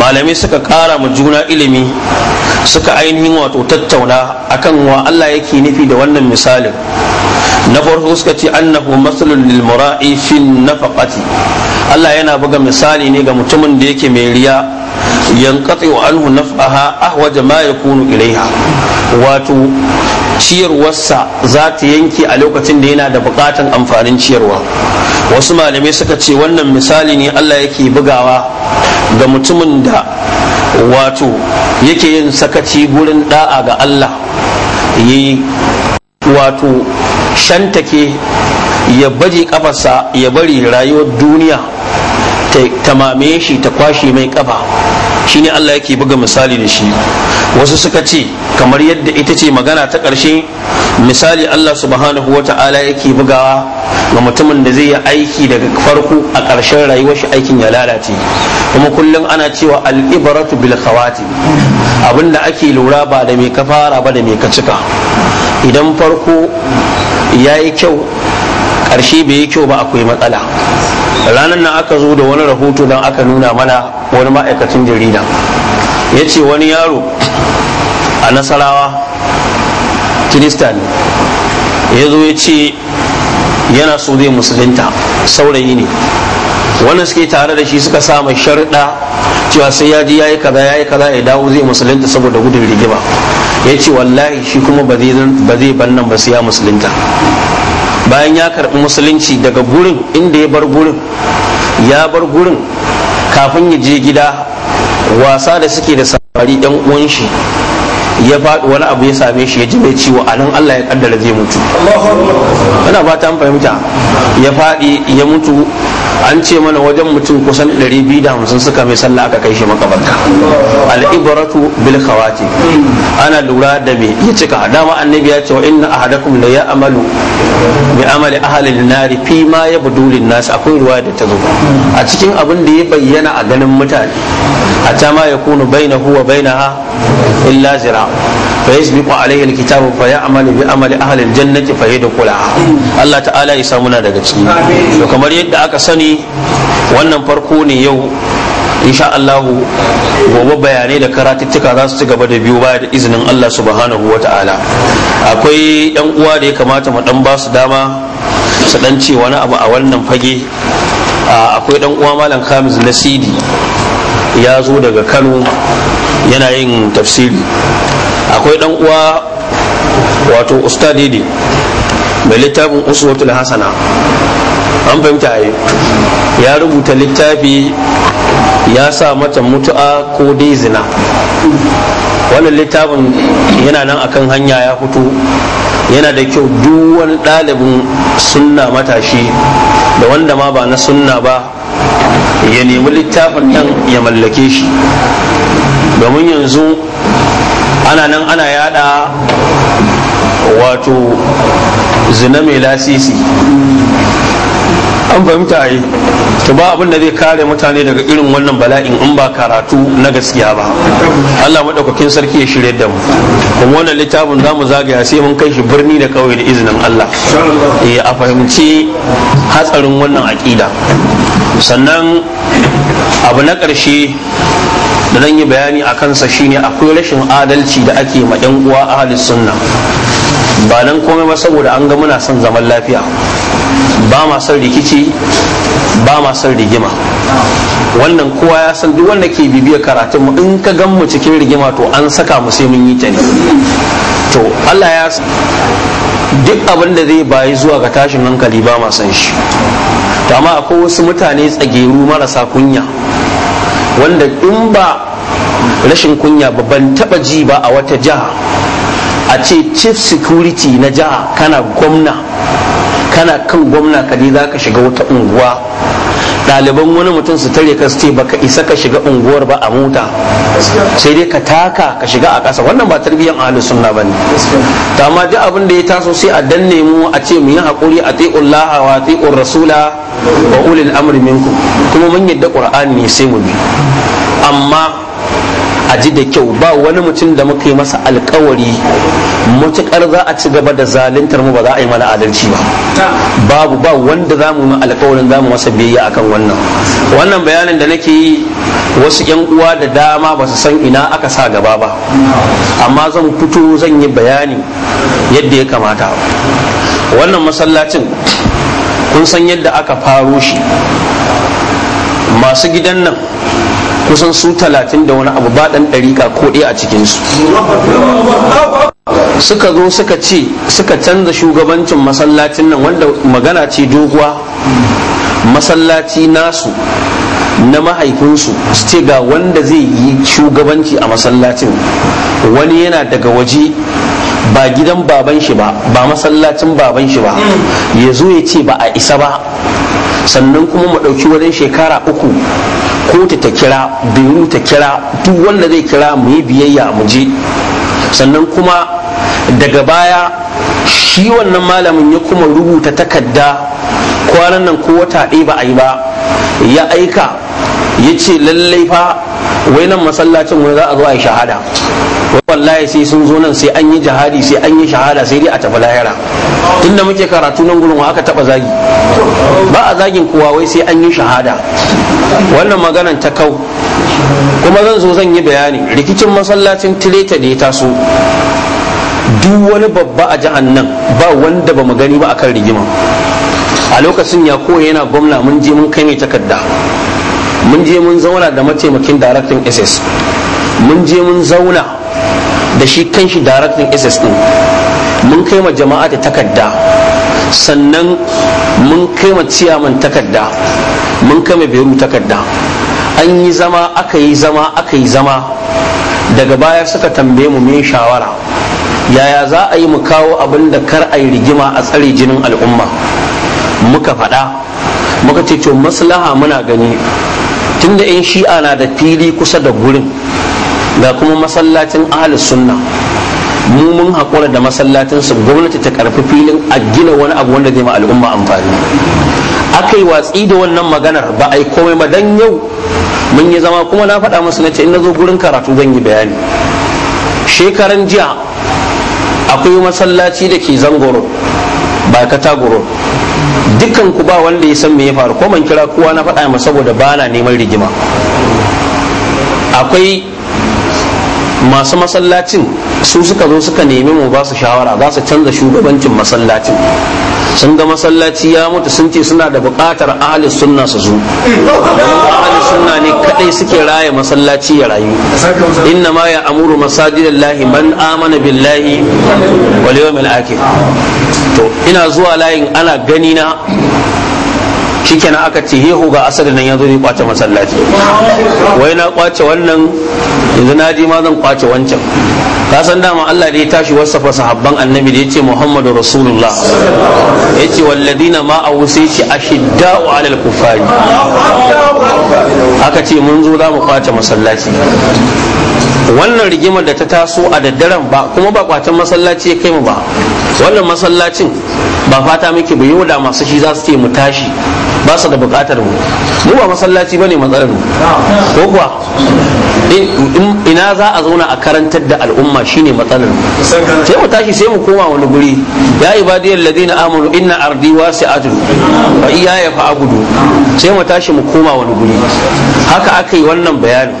malamai suka kara mu juna ilimi suka ainihin wato tattauna akan wa Allah yake nufi da wannan misalin na farko suka ce annahu masalul lil mura'i fi nafaqati Allah yana buga misali ne ga mutumin da yake mai riya yanqati wa anhu naf'aha ahwaja ma yakunu ilaiha wato ciyarwarsa za ta yanke a lokacin da yana da bukatan amfanin ciyarwa wasu malamai suka ce wannan misali ne Allah yake bugawa ga mutumin da wato yake yin sakaci gurin da'a ga Allah yi wato shantake ya baje kafarsa ya bari rayuwar duniya ta mame shi ta kwashe mai kafa shine Allah yake buga misali da shi wasu suka ce kamar yadda ita ce magana ta ƙarshe misali Allah subhanahu wa ta'ala yake bugawa ga mutumin da zai yi aiki daga farko a ƙarshen rayuwar shi aikin ya lalace kuma kullum ana cewa al'ibaratu bil khawati abinda ake lura ba da mai ka fara ba da mai ka cika idan farko yayi kyau ƙarshe bai yi kyau ba akwai matsala ranar nan aka zo da wani rahoto don aka nuna mana wani ma'aikacin jarida ya ce wani yaro a nasarawa kirista ne ya zo ya ce yana so zai musulunta saurayi ne wannan suke tare da shi suka sa mai cewa sai ya ji yayi kaza yayi kaza ya dawo zai musulunta saboda gudun rigima ya ce wallahi shi kuma ba zai ban nan ba sai ya musulunta bayan ya karɓi musulunci daga gurin inda ya bar gurin ya bar gurin kafin ya je gida wasa da suke da samari yan uwan shi ya faɗi wani abu ya same shi ya ji mai ciwo a nan Allah ya kaddara zai mutu ana fatan an fahimta ya faɗi ya mutu an ce mana wajen mutum kusan 250 suka mai sallah aka kai shi makabarta al'ibaratu bil khawati ana lura da me ya cika dama annabi ya ce wa inna ahadakum la ya'malu bi amali ahli an-nar fi ma yabdu lin nas akwai ruwa da ta zo a cikin abin da ya bayyana a ganin mutane a ta ma yakunu bainahu wa bainaha illa zira فيسبق عليه الكتاب فيعمل بعمل اهل الجنه amali الله تعالى يسامنا Allah ta'ala ya daga ciki to kamar yadda aka sani wannan farko ne yau insha Allah gobe bayanai da karatuttuka za su ci gaba da biyu baya da izinin Allah subhanahu wa ta'ala akwai yan uwa da ya kamata mu dan ba su dama su dan ce wani abu a wannan fage akwai dan uwa malam Khamis Nasidi ya zo daga Kano yana yin tafsiri akwai dan uwa wato ustadidi mai littafin uswatul hasana an fahimta yi ya rubuta littafi ya sa mata mutu'a ko dai zina wannan littafin yana nan akan hanya ya fito yana da kyau duk wani ɗalibin sunna matashi da wanda ma ba na sunna ba ya nemi littafin nan ya mallake shi domin yanzu ana nan ana yada wato zina mai lasisi an fahimta yi to ba abin da zai kare mutane daga irin wannan bala'in in ba karatu na gaskiya ba Allah maɗaukakin sarki ya shirya da mu kuma wannan littafin za mu zagaya sai mun kai shi birni da kawai da izinin Allah ya eh, a fahimci hatsarin wannan aƙida sannan abu na ƙarshe da zan yi bayani a kansa shine akwai rashin adalci da ake ma yan uwa a halin sunna ba nan komai ba saboda an ga muna son zaman lafiya ba ma son rikici ba ma son rigima wannan kowa ya san duk wanda ke bibiya karatun mu in ka gan mu cikin rigima to an saka mu sai mun yi ta ne to Allah ya duk abin da zai bayi zuwa ga tashin hankali ba ma san shi to amma akwai wasu mutane tsageru marasa kunya wanda in ba rashin kunya ba ban taba ji ba a wata jiha a ce chief security na jiha kana gwamna kana kan gwamna ka za ka shiga wata unguwa ɗaliban wani mutum su tare ka ce ka isa ka shiga unguwar ba a mota sai dai ka taka ka shiga a ƙasa wannan ba tarbiyyar ahlus sunna bane to amma ji abin da ya taso sai a danne mu a ce mu yi hakuri a ti'ullaha wa ti'ur rasula wa ulil amri minkum kuma mun yadda qur'ani ne sai mu bi amma a ji da kyau ba wani mutum da muka yi masa alkawari matukar za a ci gaba da zaluntar mu ba za a yi mana adalci ba babu ba wanda za mu alkawarin za mu masa biyayya akan wannan wannan bayanin da nake yi wasu yan uwa da dama ba su san ina aka sa gaba ba amma zan fito zan yi bayani yadda ya kamata wannan masallacin kun san yadda aka faro shi masu gidan nan kusan su talatin da wani abu baɗan ɗarika ko ɗaya a cikinsu suka zo suka ce suka canza shugabancin masallacin nan wanda magana ce doguwa masallaci nasu na mahaifinsu su ce ga wanda zai yi shugabanci a masallacin wani yana daga waje ba gidan baban shi ba ba masallacin baban shi ba ya zo ya ce ba a isa ba sannan kuma mu ɗauki wajen shekara uku kotu ta kira biyu ta kira duk wanda zai kira mu yi biyayya mu je sannan kuma daga baya shi wannan malamin ya kuma rubuta takarda kwanan nan ko wata ɗaya ba a yi ba ya aika ya ce lallai fa wai nan masallacin wani za a zo a yi shahada wallahi sai sun zo nan sai an yi jihadi sai an yi shahada sai dai a tafi lahira tunda muke karatu nan gurin aka taba zagi ba a zagin kowa wai sai an yi shahada wannan maganan ta kau kuma zan zo zan yi bayani rikicin masallacin tireta da ya taso duk wani babba a jihar nan ba wanda ba mu gani ba akan rigima a lokacin ya koya yana gwamna mun je mun kai mai takarda mun je mun zauna da mataimakin daraktan ss mun je mun zauna da shi kanshi daraktan ss din mun kai ma jama'a da takarda sannan mun kai ma ciyaman takarda mun kai ma beru takarda an yi zama aka yi zama aka yi zama daga baya suka tambaye mu me shawara yaya za a yi mu kawo abin da kar a yi rigima a tsare jinin al'umma muka faɗa muka ce to maslaha muna gani Tun da in shi'a na da fili kusa da gurin ga kuma masallacin ahli sunna mu mun haƙura da masallacin su gwamnati ta karfi filin a gina wani abu wanda zai ma al'umma amfani aka yi watsi da wannan maganar ba a yi komai ba dan yau mun yi zama kuma na faɗa musu na ce in na zo gurin karatu zan yi bayani shekaran jiya akwai masallaci da ke zangoro ba ka tagoro dukkan ku ba wanda ya san me ya faru ko ban kira kowa na faɗa masa saboda ba na neman rigima akwai masu masallacin su suka zo suka nemi mu ba su shawara za su canza shugabancin masallacin sun ga masallaci ya mutu sun ce suna da buƙatar ahalin sunna su zo sunna ne kadai suke raya masallaci ya rayu inna ma ya amuru masajidallahi man amana billahi wal yawmil akhir to ina zuwa layin ana gani na shikenan aka ce yehu ga asar nan yanzu ne kwace masallaci wai na kwace wannan yanzu na ji ma zan kwace wancan Kasan dama Allah da ya tashi wasafa sahabban annabi da ya ce Muhammadu Rasulullah ya ce walladina ma a wuce ce shidda'u alal kufari aka ce mun zo za mu kwace masallaci wannan rigimar da ta taso a daddaren ba kuma ba kwacen masallaci ya kai mu ba wannan masallacin ba fata muke ba da masu shi za su ce mu tashi ba su da bukatar mu mu ba masallaci bane matsalar mu ko kuwa ina za a zauna a karantar da al'umma shine matsalar mu sai mu tashi sai mu koma wani guri ya ibadiyal ladina amanu inna ardi wasi'atun wa iyaya gudu sai mu tashi mu koma wani guri haka aka yi wannan bayani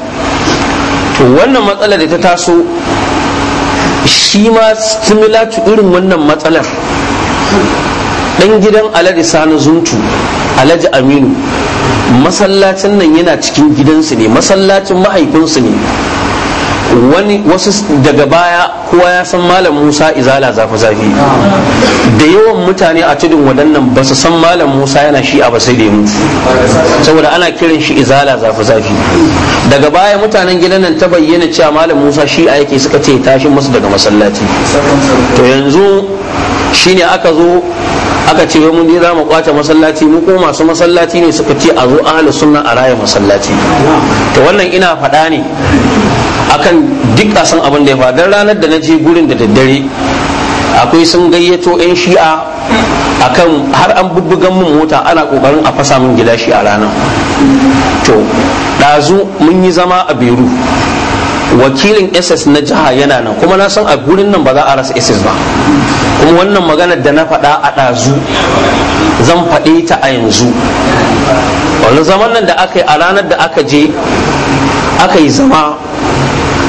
to wannan matsalar da ta taso shi ma similar irin wannan matsalar ɗan gidan alhaji sani zuntu alhaji aminu masallacin nan yana cikin gidansu ne masallacin mahaifinsu ne wani wasu daga baya kowa ya san malam musa izala zafi zafi da yawan mutane a tudun waɗannan ba su san malam musa yana shi a ba da ya saboda ana kiran shi izala zafi zafi daga baya mutanen gidan nan ta bayyana cewa malam musa shi a yake suka ce tashi musu daga masallaci to yanzu shine aka zo aka ce mun je za mu kwace masallaci mu ko masu masallaci ne suka ce a zo ahlus sunna a raya masallaci to wannan ina faɗa ne akan duk a san abin da ya faɗa ranar da na je gurin da daddare akwai sun gayyato 'yan shi'a akan har an bubbugan mun mota ana kokarin a fasa mun gida shi a ranar to ɗazu mun yi zama a beru wakilin ss na jiha yana nan kuma na san a gurin nan ba za a rasa ss ba kuma wannan maganar da na faɗa a ɗazu zan faɗe ta a yanzu wani zaman nan da aka yi a ranar da aka je aka yi zama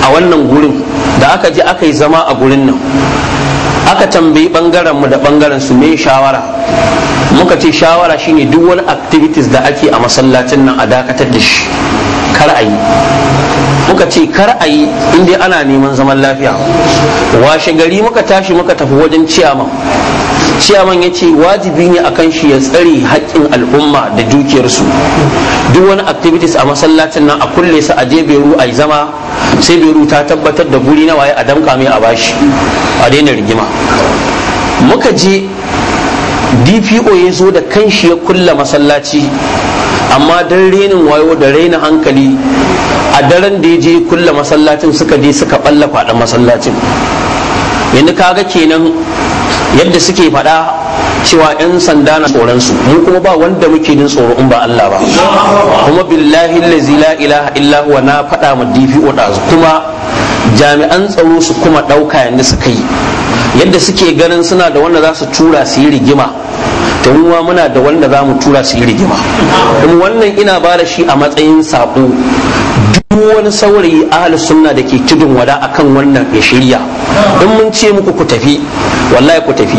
a wannan gurin da aka je aka yi zama a gurin nan aka tambayi ɓangaren mu da ɓangaren su me shawara muka ce shawara shine duk wani activities da ake a masallacin nan a dakatar da shi kar a yi muka ce kar a yi inda ana neman zaman lafiya washe gari muka tashi muka tafi wajen ciyaman ciyaman ya ce wajibi ne akan shi ya tsare haƙƙin al'umma da dukiyarsu duk wani activities a masallacin nan a kulle su a je beru a zama sai beru ta tabbatar da guri na waye a damka mai a bashi a daina rigima muka je dpo ya zo da kan shi ya kulla masallaci amma dan renin wayo da raina hankali a daren da ya je kulla masallacin suka je suka balla fada masallacin yanzu kaga kenan yadda suke faɗa cewa 'yan sanda na tsoronsu mu kuma ba wanda muke nin tsoro in ba Allah ba kuma billahi allazi la ilaha illa huwa na faɗa ma DPO su kuma jami'an tsaro su kuma ɗauka yadda suka yi yadda suke ganin suna da wanda za su tura su yi rigima to muna da wanda zamu tura su yi rigima kuma wannan ina ba da shi a matsayin sako wani saurayi ahal sunna da ke tudun wada akan wannan ya shirya in mun ce muku ku tafi wallahi ku tafi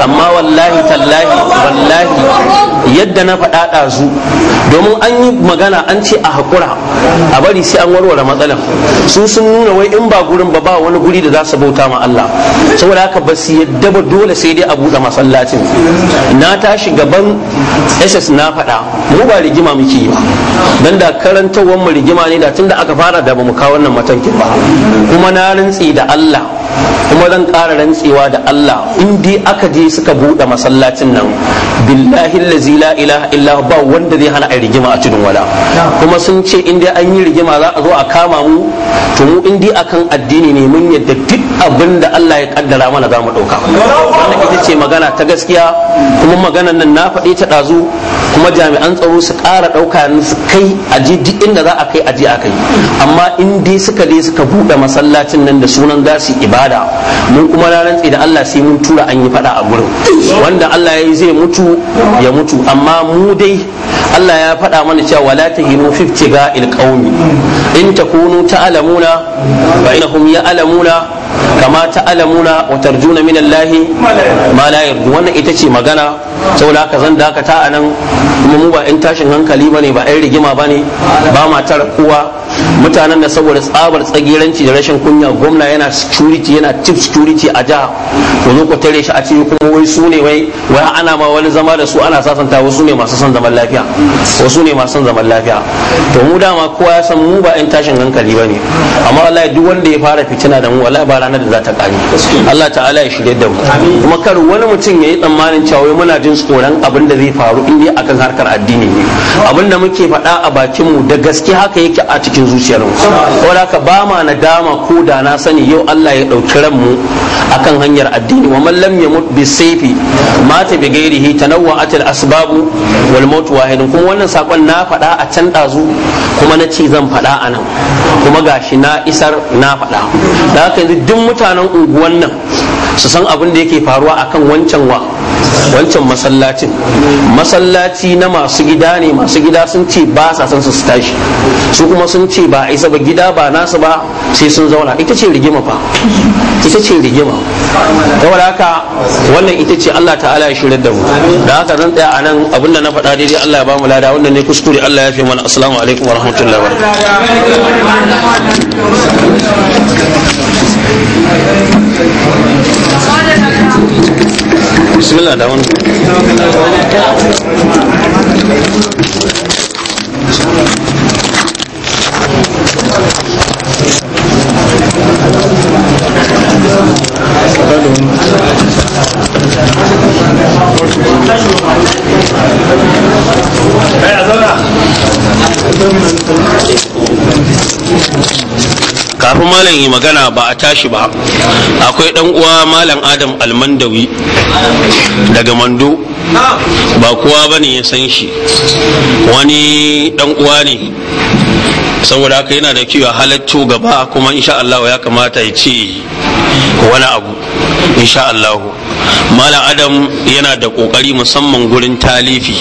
amma wallahi tallahi wallahi yadda na faɗa ɗazu domin an yi magana an ce a haƙura a bari sai an warware matsalan su sun nuna wai in ba gurin ba ba wani guri da za su bauta ma Allah saboda haka ba su yadda ba dole sai dai a buɗe masallacin na tashi gaban SS na faɗa mu ba rigima muke yi ba dan da karantarwar mu rigima ne da tun da aka fara da mu kawo wannan matankin ba kuma na rintsi da Allah kuma zan ƙara rantsewa da Allah in dai aka je suka buɗe masallacin nan billahi allazi la ilaha illa ba wanda zai hana a rigima a tudun wala kuma sun ce in dai an yi rigima za a zo a kama mu to mu in dai akan addini ne mun yadda duk abin da Allah ya kaddara mana za mu ɗauka wannan ita ce magana ta gaskiya kuma maganan nan na faɗi ta ɗazu kuma jami'an tsaro su ƙara ɗauka su kai a ji duk inda za a kai a je a kai amma in dai suka je suka buɗe masallacin nan da sunan za ibada mun kuma na rantsi da Allah sai mun tura an yi fada a gurin wanda Allah ya yi zai mutu ya mutu amma mu dai Allah ya faɗa mana cewa wala tahinu fiftiga ilqaumi in takunu ta'lamuna fa innahum ya'lamuna كما تعلمون وترجون من الله ما لا يرجو wannan ita ce magana saboda ka zan dakata a nan kuma mu ba in tashin hankali bane ba 'yan rigima bane ba ma tara mutanen da saboda tsabar tsagiranci da rashin kunya gwamna yana security yana chief security a jiha to zo ku tare shi a cikin kuma wai su ne wai wai ana ma wani zama da su ana sasanta wasu ne masu son zaman lafiya wasu ne masu son zaman lafiya to mu dama kowa ya san mu ba 'yan tashin hankali bane amma wallahi duk wanda ya fara fitina da mu wallahi ba ranar da za ta kare Allah ta'ala ya shirye da mu kuma kar wani mutum yayi tsammanin cewa wai muna jin tsoron abin da zai faru in dai akan harkar addini ne abin da muke faɗa a bakin mu da gaske haka yake a cikin zuciyar mu saboda haka ba ma nadama ko da na sani yau Allah ya ɗauki ran mu akan hanyar addini wa man lam yamut bi sayfi mata bi ghairihi tanawwa'at al asbabu wal maut wahidun kuma wannan sakon na faɗa a can dazu kuma na ce zan faɗa a nan kuma gashi na isar na faɗa da haka yanzu duk mutanen unguwan nan su san abin da yake faruwa akan wancan wa wancan masallacin masallaci na masu gida ne masu gida sun ce ba sa san su tashi su kuma sun ce ba isa ba gida ba nasu ba sai sun zauna ita ce rigima fa ita ce rigima saboda haka wannan ita ce Allah ta'ala ya shirya da mu da haka zan tsaya anan abinda na faɗa daidai Allah ya ba mu lada wannan ne kuskure Allah ya fi mana assalamu alaikum wa rahmatullahi wa barakatuh Bismillah daun. Hey, kafin malam yi magana ba a tashi ba akwai dan uwa malam adam almandawi daga mando ba kowa bane ya san shi wani dan uwa ne saboda haka yana da kyau halatto gaba kuma insha Allah ya kamata ya ce wani abu insha Allah malam adam yana da kokari musamman gurin talifi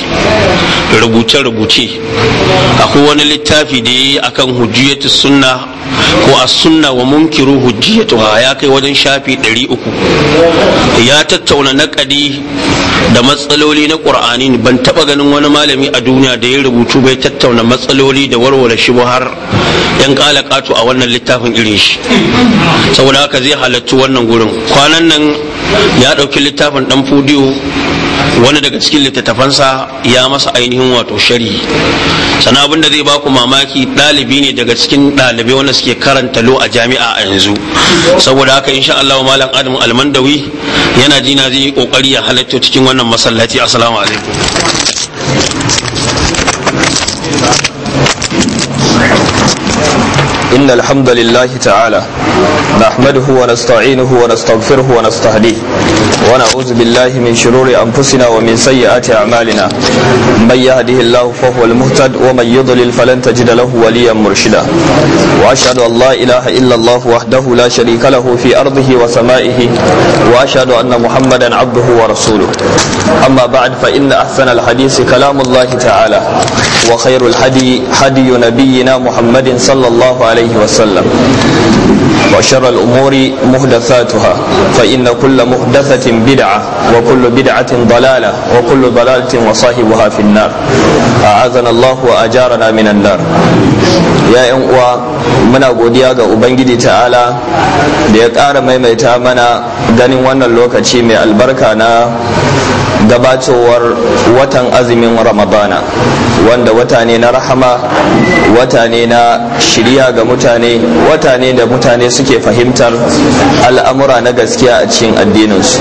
rubuce-rubuce akwai wani littafi da ya yi akan hujjiyatus sunna wa a sunna wa munkiru hujjiyatuha ya kai wajen shafi 300 ya tattauna naqadi da matsaloli na qur'ani ban taba ganin wani malami a duniya da ya rubutu bai tattauna matsaloli da warware shi ba har yan kala a wannan littafin irin shi saboda haka zai halattu wannan gurin kwanan nan ya ɗauki littafin ɗan fudiyo wani daga cikin littattafansa ya masa ainihin wato shari sana abin da zai ba ku mamaki ɗalibi ne daga cikin ɗalibai wanda suke karanta lo a jami'a a yanzu saboda haka insha Allah malam Adam Almandawi yana jina zai yi kokari ya halatto cikin wannan masallaci assalamu alaikum إن الحمد لله تعالى نحمده ونستعينه ونستغفره ونستهديه ونعوذ بالله من شرور أنفسنا ومن سيئات أعمالنا من يهده الله فهو المهتد ومن يضلل فلن تجد له وليا مرشدا وأشهد أن لا إله إلا الله وحده لا شريك له في أرضه وسمائه وأشهد أن محمدا عبده ورسوله أما بعد فإن أحسن الحديث كلام الله تعالى وخير الحدي حدي نبينا محمد صلى الله عليه وسلم وشر الأمور محدثاتها فإن كل محدث محدثة بدعة وكل بدعة ضلالة وكل ضلالة وصاحبها في النار أعاذنا الله وأجارنا من النار يا أنقوى muna godiya ga ubangiji ta'ala da ya ƙara maimaita mana ganin wannan lokaci mai albarka na gabatowar watan azumin ramadana wanda wata ne na rahama wata ne na shirya ga mutane wata ne da mutane suke fahimtar al'amura na gaskiya a cikin addininsu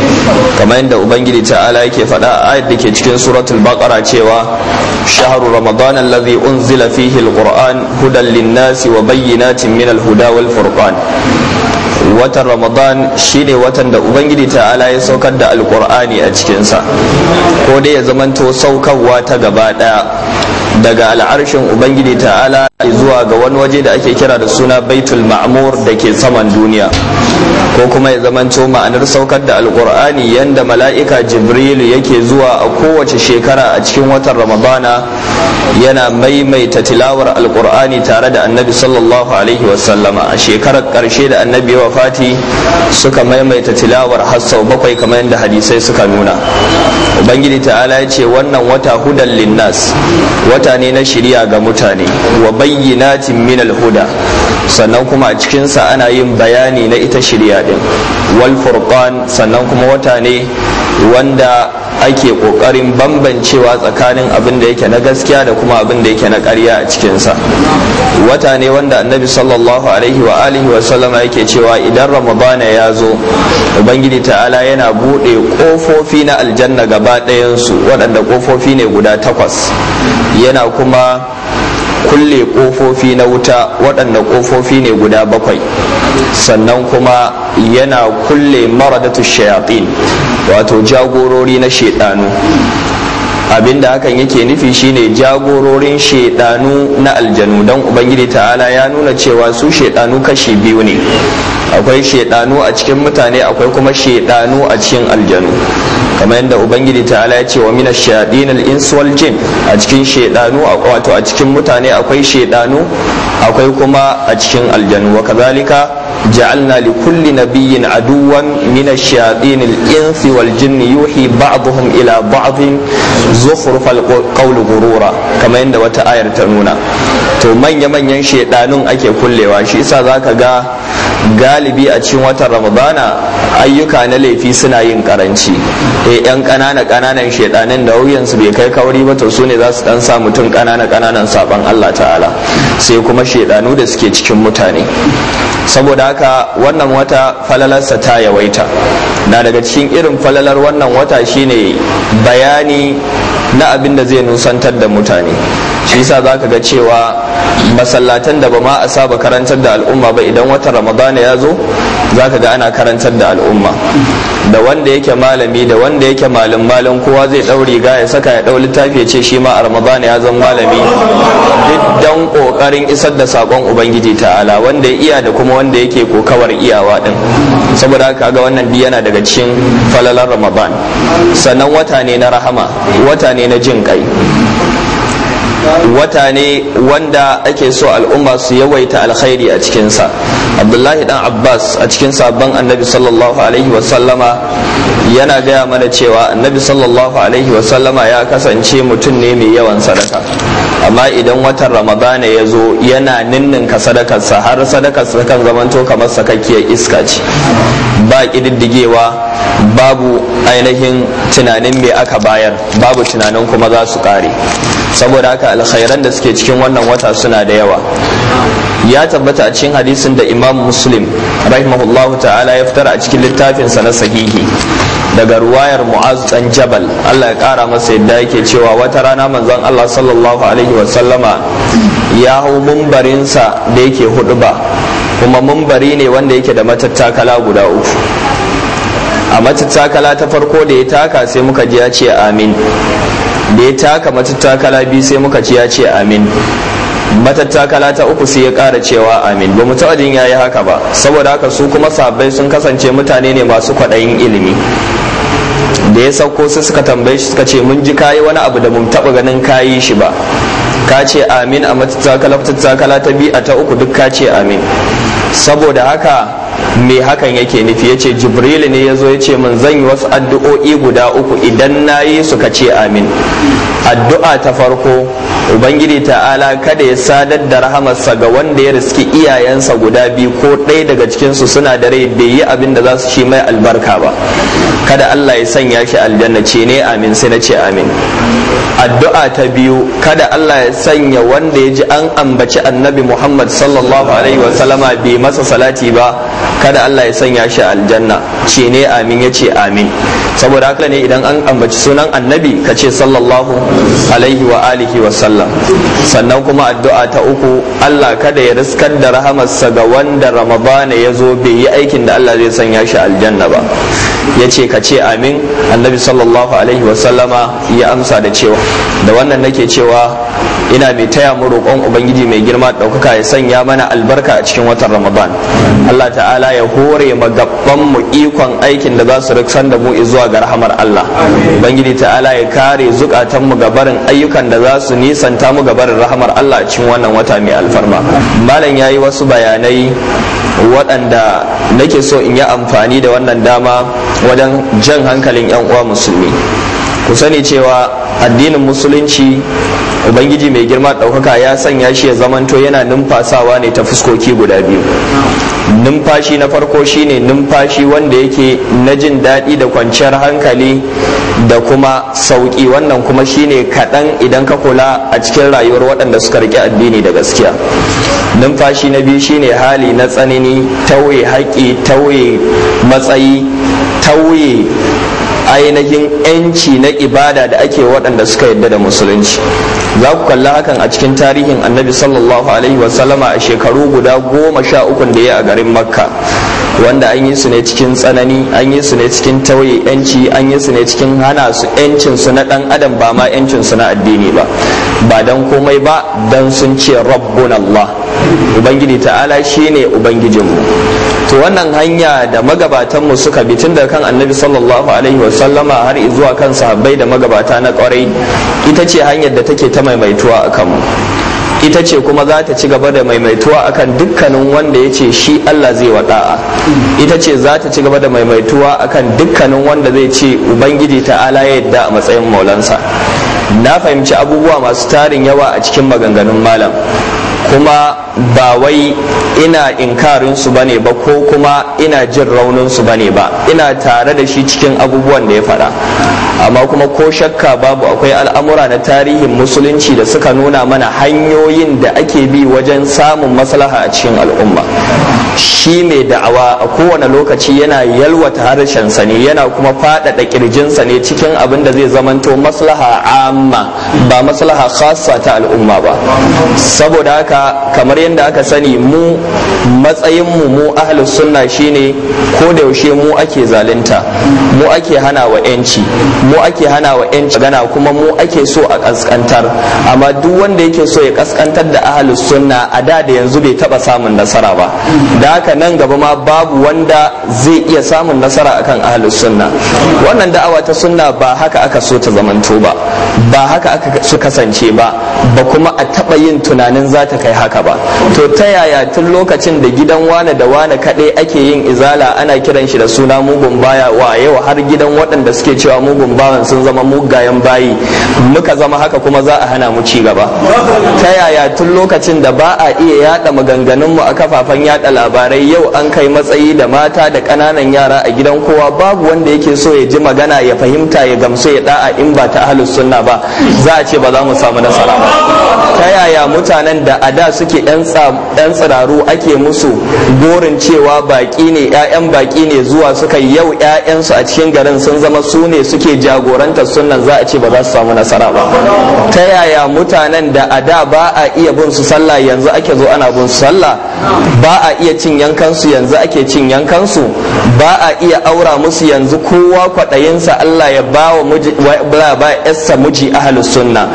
kamar yadda ubangiji ta'ala yake faɗa a ayat da ke cikin suratul baqara cewa shahru ramadana allazi unzila fihi alquran hudan linnasi wa bayyinatin minal huda wal watan ramadan shine watan da ubangiji ta'ala ya saukar da alkur'ani a cikinsa ko dai ya zamanto saukarwa ta gaba daya daga al'arshin ubangiji ta'ala zuwa ga wani waje da ake kira da suna baitul ma'mur da ke saman duniya ko kuma ya zamanto ma'anar saukar da alkur'ani yadda mala'ika jibril yake zuwa a kowace shekara a cikin watan ramadana yana maimaita tilawar alkur'ani tare da annabi sallallahu alaihi wasallama a shekarar karshe da annabi ya fati suka maimaita tilawar har bakwai kamar yadda hadisai suka nuna ubangiji ta'ala ya ce wannan wata hudan linnas wata ne na shirya ga mutane wa bayyinatin minal huda sannan kuma a cikinsa ana yin bayani na ita shirya din wal furqan sannan kuma wata ne wanda ake ƙoƙarin bambancewa tsakanin abin da yake na gaskiya da kuma abin da yake na ƙarya a cikinsa wata ne wanda annabi sallallahu alaihi wa alihi wa sallama yake cewa idan ramadana ya zo ubangiji ta'ala yana buɗe ƙofofi na aljanna gaba ɗayansu waɗanda kofofi ne guda takwas yana kuma kulle kofofi na wuta waɗanda kofofi ne guda bakwai sannan kuma yana kulle mara maradatu shayatin wato jagorori na shaidanu abinda hakan yake nufi shine jagororin shaidanu na aljanu don ubangiji ta'ala ya nuna cewa su shaidanu kashi biyu ne akwai shaidanu a cikin mutane akwai kuma shaidanu a cikin aljanu kamar yadda ubangiji ala ya ce wa mina shayatin al wal jin a cikin shaydanu wato a cikin mutane akwai shaɗanu akwai kuma a cikin aljanu wa kazalika ja'alna li kulli عدوا aduwan الشياطين ash والجن يوحي insi wal jinni yuhi القول ila كما zukhrufal qawli gurura kamar yadda wata ayar ta nuna to manya-manyan shaidanun ake kullewa shi isa zaka ga galibi a cikin watan ramadana ayyuka na laifi suna yin karanci e yan kanana kananan shedanin da su bai kai kauri ba to su ne za su dan sa mutum kanana kananan saban Allah ta'ala sai kuma shedanu da suke cikin mutane saboda haka wannan wata falalarsa ta yawaita na daga cikin irin falalar wannan wata shine bayani na abin da zai nusantar da mutane shi sa za ka ga cewa masallatan da ba ma a saba karantar da al'umma ba idan watan ramadana ya zo za ka ga ana karantar da al'umma da wanda yake malami da wanda yake malam malam kowa zai ɗau riga ya saka ya ɗau littafi ya ce shi ma a ramadana ya zama malami duk don ƙoƙarin isar da saƙon ubangiji ta'ala wanda ya iya da kuma wanda yake kokawar iyawa ɗin. saboda haka ga wannan duk yana daga cikin falalar ramadan sannan wata ne na rahama wata ne na jin kai wata ne wanda ake so al'umma su yawaita alkhairi a cikinsa abdullahi dan abbas a cikin sabon annabi sallallahu alaihi wasallama yana gaya mana cewa annabi sallallahu alaihi wasallama ya kasance mutum ne mai yawan sadaka amma idan watan ramadana ya zo yana ninninka sadakarsa har sadakarsa kan zamanto kamar sakakkiyar iska ce ba ƙididdigewa babu ainihin tunanin mai aka bayar babu tunanin kuma za su ƙare saboda haka alkhairan da suke cikin wannan wata suna da yawa ya tabbata a cikin hadisin da imam muslim rahimahullahu ta'ala ya fitar a cikin littafinsa na sahihi daga ruwayar mu'az dan jabal Allah ya kara masa yadda yake cewa wata rana manzon Allah sallallahu alaihi wasallama ya hau mumbarinsa da yake hudu ba kuma mumbari ne wanda yake da matattakala guda uku a matattakala ta farko da ya taka sai muka ji ya ce amin da ya taka matattakala biyu sai muka ji ya ce amin matattakala ta uku sai ya ƙara cewa amin ba mu taɓa jin yayi haka ba saboda haka su kuma sabbai sun kasance mutane ne masu kwaɗayin ilimi da ya sauko su suka tambaye shi suka ce mun ji kayi wani abu da mun taɓa ganin kayi shi ba ka ce amin a matattakala ta biyu a ta uku duk ka ce amin saboda haka me hakan yake nufi ya ce jibril ne ya zo ya ce min zan yi wasu addu'o'i guda uku idan na yi suka ce amin addu'a ta farko ubangiji ta'ala kada ya sadar da rahamarsa ga wanda ya riski iyayensa guda biyu ko ɗaya daga cikinsu suna da rai bai yi abin da za su ci mai albarka ba kada allah ya sanya shi aljanna ce ne amin sai na ce amin addu'a ta biyu kada allah ya sanya wanda ya ji an ambaci annabi muhammad sallallahu alaihi wa sallama bai masa salati ba kada Allah ya sanya shi aljanna ce ne amin ya ce amin saboda haka ne idan an ambaci sunan annabi ka ce sallallahu alaihi wa alihi wa sallam sannan kuma addu'a ta uku Allah kada ya riskar da rahamarsa ga wanda ramadana ya zo bai yi aikin da Allah zai sanya shi aljanna ba ya ce ka ce amin annabi sallallahu alaihi wa sallama ya amsa da cewa da wannan nake cewa ina mai taya mu roƙon ubangiji mai girma ɗaukaka ya sanya mana albarka a cikin watan ramadan allah ta'ala ya hore magabban mu ikon aikin da za su riksan da mu zuwa ga rahamar allah ubangiji ta'ala ya kare zukatan mu gabarin ayyukan da za su nisanta mu gabarin rahamar allah a cikin wannan wata mai alfarma malam ya yi wasu bayanai waɗanda nake so in yi amfani da wannan dama wajen jan hankalin 'yan uwa musulmi ku sani cewa addinin musulunci ubangiji mai girma ɗaukaka ya sanya shi ya zamanto yana numfasawa ne ta fuskoki guda biyu numfashi na farko shine numfashi wanda yake na jin daɗi da kwanciyar hankali da kuma sauƙi wannan kuma shine kaɗan idan ka kula a cikin rayuwar waɗanda suka rike addini da gaskiya numfashi na biyu shine hali na tsanani tauye haƙƙi tauye matsayi tauye ainihin 'yanci na ibada da ake waɗanda suka yadda da musulunci za ku kalla hakan a cikin tarihin annabi sallallahu alaihi wasallama a shekaru guda goma sha ukun da ya a garin makka wanda an yi su ne cikin tsanani an yi su ne cikin tauye yanci an yi su ne cikin hana su yancin su na dan adam ba ma yancin su na addini ba ba dan komai ba dan sun ce rabbun allah ubangiji ta'ala shine ubangijinmu to wannan hanya da magabatanmu suka bi tun daga kan annabi sallallahu alaihi sallama har zuwa kan sahabbai da magabata na kwarai ita ce hanyar da take ta maimaituwa a kanmu ita ce kuma za ta ci gaba da maimaituwa akan dukkanin wanda ya ce shi Allah zai wada'a ita ce za ta ci gaba da maimaituwa akan dukkanin wanda zai ce ubangiji ta'ala ya yadda a matsayin maulansa na fahimci abubuwa masu tarin yawa a cikin maganganun malam kuma ba wai ina inkarin su bane ba ko kuma ina jin raunin su bane ba ina tare da shi cikin abubuwan da ya faɗa amma kuma ko shakka babu akwai al'amura na tarihin musulunci da suka nuna mana hanyoyin da ake bi wajen samun maslaha a cikin al'umma shi mai da'awa a kowane lokaci yana yalwata harshensa ne yana kuma faɗaɗa ƙirjinsa ne cikin abin da zai zamanto maslaha amma ba maslaha khassa ta al'umma ba saboda haka kamar yadda aka sani mu matsayinmu mu ahlus sunna shine ko da yaushe mu ake zalunta mu ake hana wa 'yanci mu ake hana wa 'yanci gana kuma mu ake so a kaskantar amma duk wanda yake so ya kaskantar da ahlus sunna a da da yanzu bai taba samun nasara ba da haka nan gaba ma babu wanda zai iya samun nasara akan ahlus sunna wannan da'awa ta sunna ba haka aka so ta zamanto ba ba haka aka su kasance ba ba kuma a taɓa yin tunanin za ta kai haka ba to ta yaya tun lokacin da gidan wane da wane kaɗai ake yin izala ana kiran shi da suna mugun baya wa yau har gidan waɗanda suke cewa mugun bayan sun zama mugayen bayi muka zama haka kuma za a hana mu ci gaba ta yaya tun lokacin da ba a iya yaɗa mu a kafafen yaɗa labarai labarai yau an kai matsayi da mata da ƙananan yara a gidan kowa babu wanda yake so ya ji magana ya fahimta ya gamsu ya da'a in ba ta ahlus sunna ba za a ce ba za mu samu nasara ba ta yaya mutanen da a da suke yan tsiraru ake musu gorin cewa baƙi ne ƴaƴan baki ne zuwa suka yau ƴaƴansu a cikin garin sun zama su ne suke jagorantar sunnan za a ce ba za su samu nasara ba ta yaya mutanen da a da ba a iya bin su sallah yanzu ake zo ana bin su sallah ba a iya cin yankansu yanzu ake cin yankansu ba a iya aura musu yanzu kowa kwaɗayinsa Allah ya ba wa yarsa miji ahalus sunna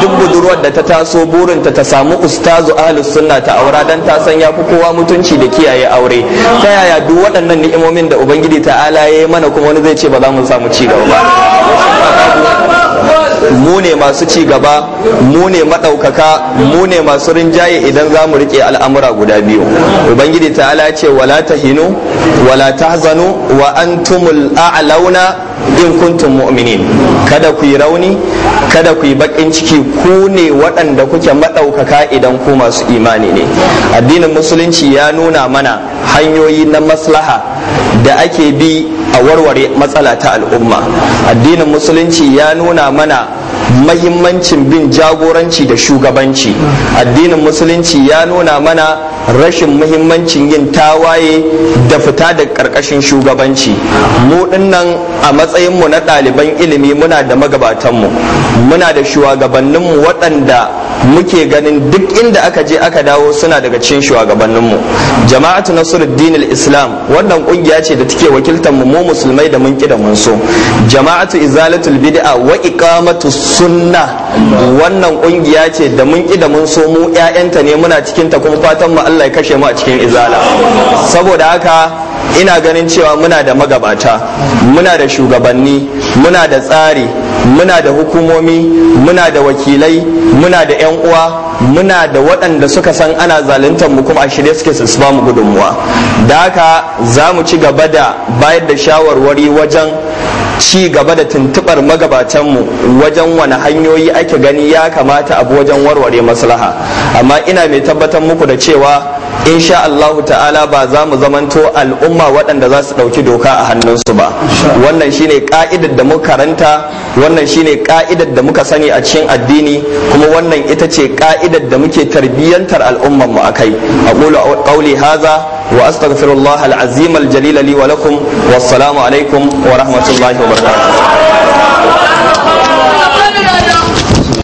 duk budurwar da ta taso burinta ta samu ustazu ahalus sunna ta aura dan ta san ya kowa mutunci da kiyaye aure ta yaya duk waɗannan ni'imomin da ubangiji ta'ala ya yi mana kuma wani zai ce ba za mu samu ci gaba ba mu ne masu ci gaba mu ne maɗaukaka mu ne masu rinjaye idan za mu riƙe al'amura guda biyu ubangiji ta'ala ce wala tahinu wala tahzanu wa antumul a'launa in kuntum mu'minin kada ku yi rauni kada ku yi bakin ciki ku ne waɗanda kuke maɗaukaka idan ku masu imani ne addinin musulunci ya nuna mana hanyoyi na maslaha da ake bi a warware matsala ta al'umma addinin musulunci ya nuna mana mahimmancin bin jagoranci da shugabanci addinin musulunci ya nuna mana rashin muhimmancin yin tawaye da fita da ƙarƙashin shugabanci mu dinnan a matsayinmu na ɗaliban ilimi muna da magabatanmu muna da shugabanninmu waɗanda muke ganin duk inda aka je aka dawo suna daga cikin shugabanninmu jama'atu nasruddin islam wannan kungiya ce da take wakiltar mu mu musulmai da mun kida mun so jama'atu izalatul bid'a wa iqamatu sunna wannan kungiya ce da mun kida mun so mu ƴaƴanta ne muna cikin ta kuma fatan mu Allah ya kashe mu a cikin izala saboda haka ina ganin cewa muna da magabata muna da shugabanni muna da tsari muna da hukumomi muna da wakilai muna da 'yan uwa muna da waɗanda suka san ana zaluntar mu kuma a shirye suke su ba mu gudunmuwa da haka za mu ci gaba da bayar da shawarwari wajen ci gaba da tuntubar magabatanmu wajen wani hanyoyi ake gani ya kamata abu wajen warware maslaha amma ina mai tabbatar muku da cewa insha Allah ta'ala ba za mu zamanto al'umma waɗanda za su ɗauki doka a hannunsu ba wannan shine ka'idar da muka karanta wannan shine ka'idar da muka sani a cikin addini kuma wannan ita ce ka'idar da muke tarbiyyantar al'ummar mu akai aqulu qawli hadha wa astaghfirullah al-azim al-jalil li wa lakum alaikum wa rahmatullahi wa barakatuh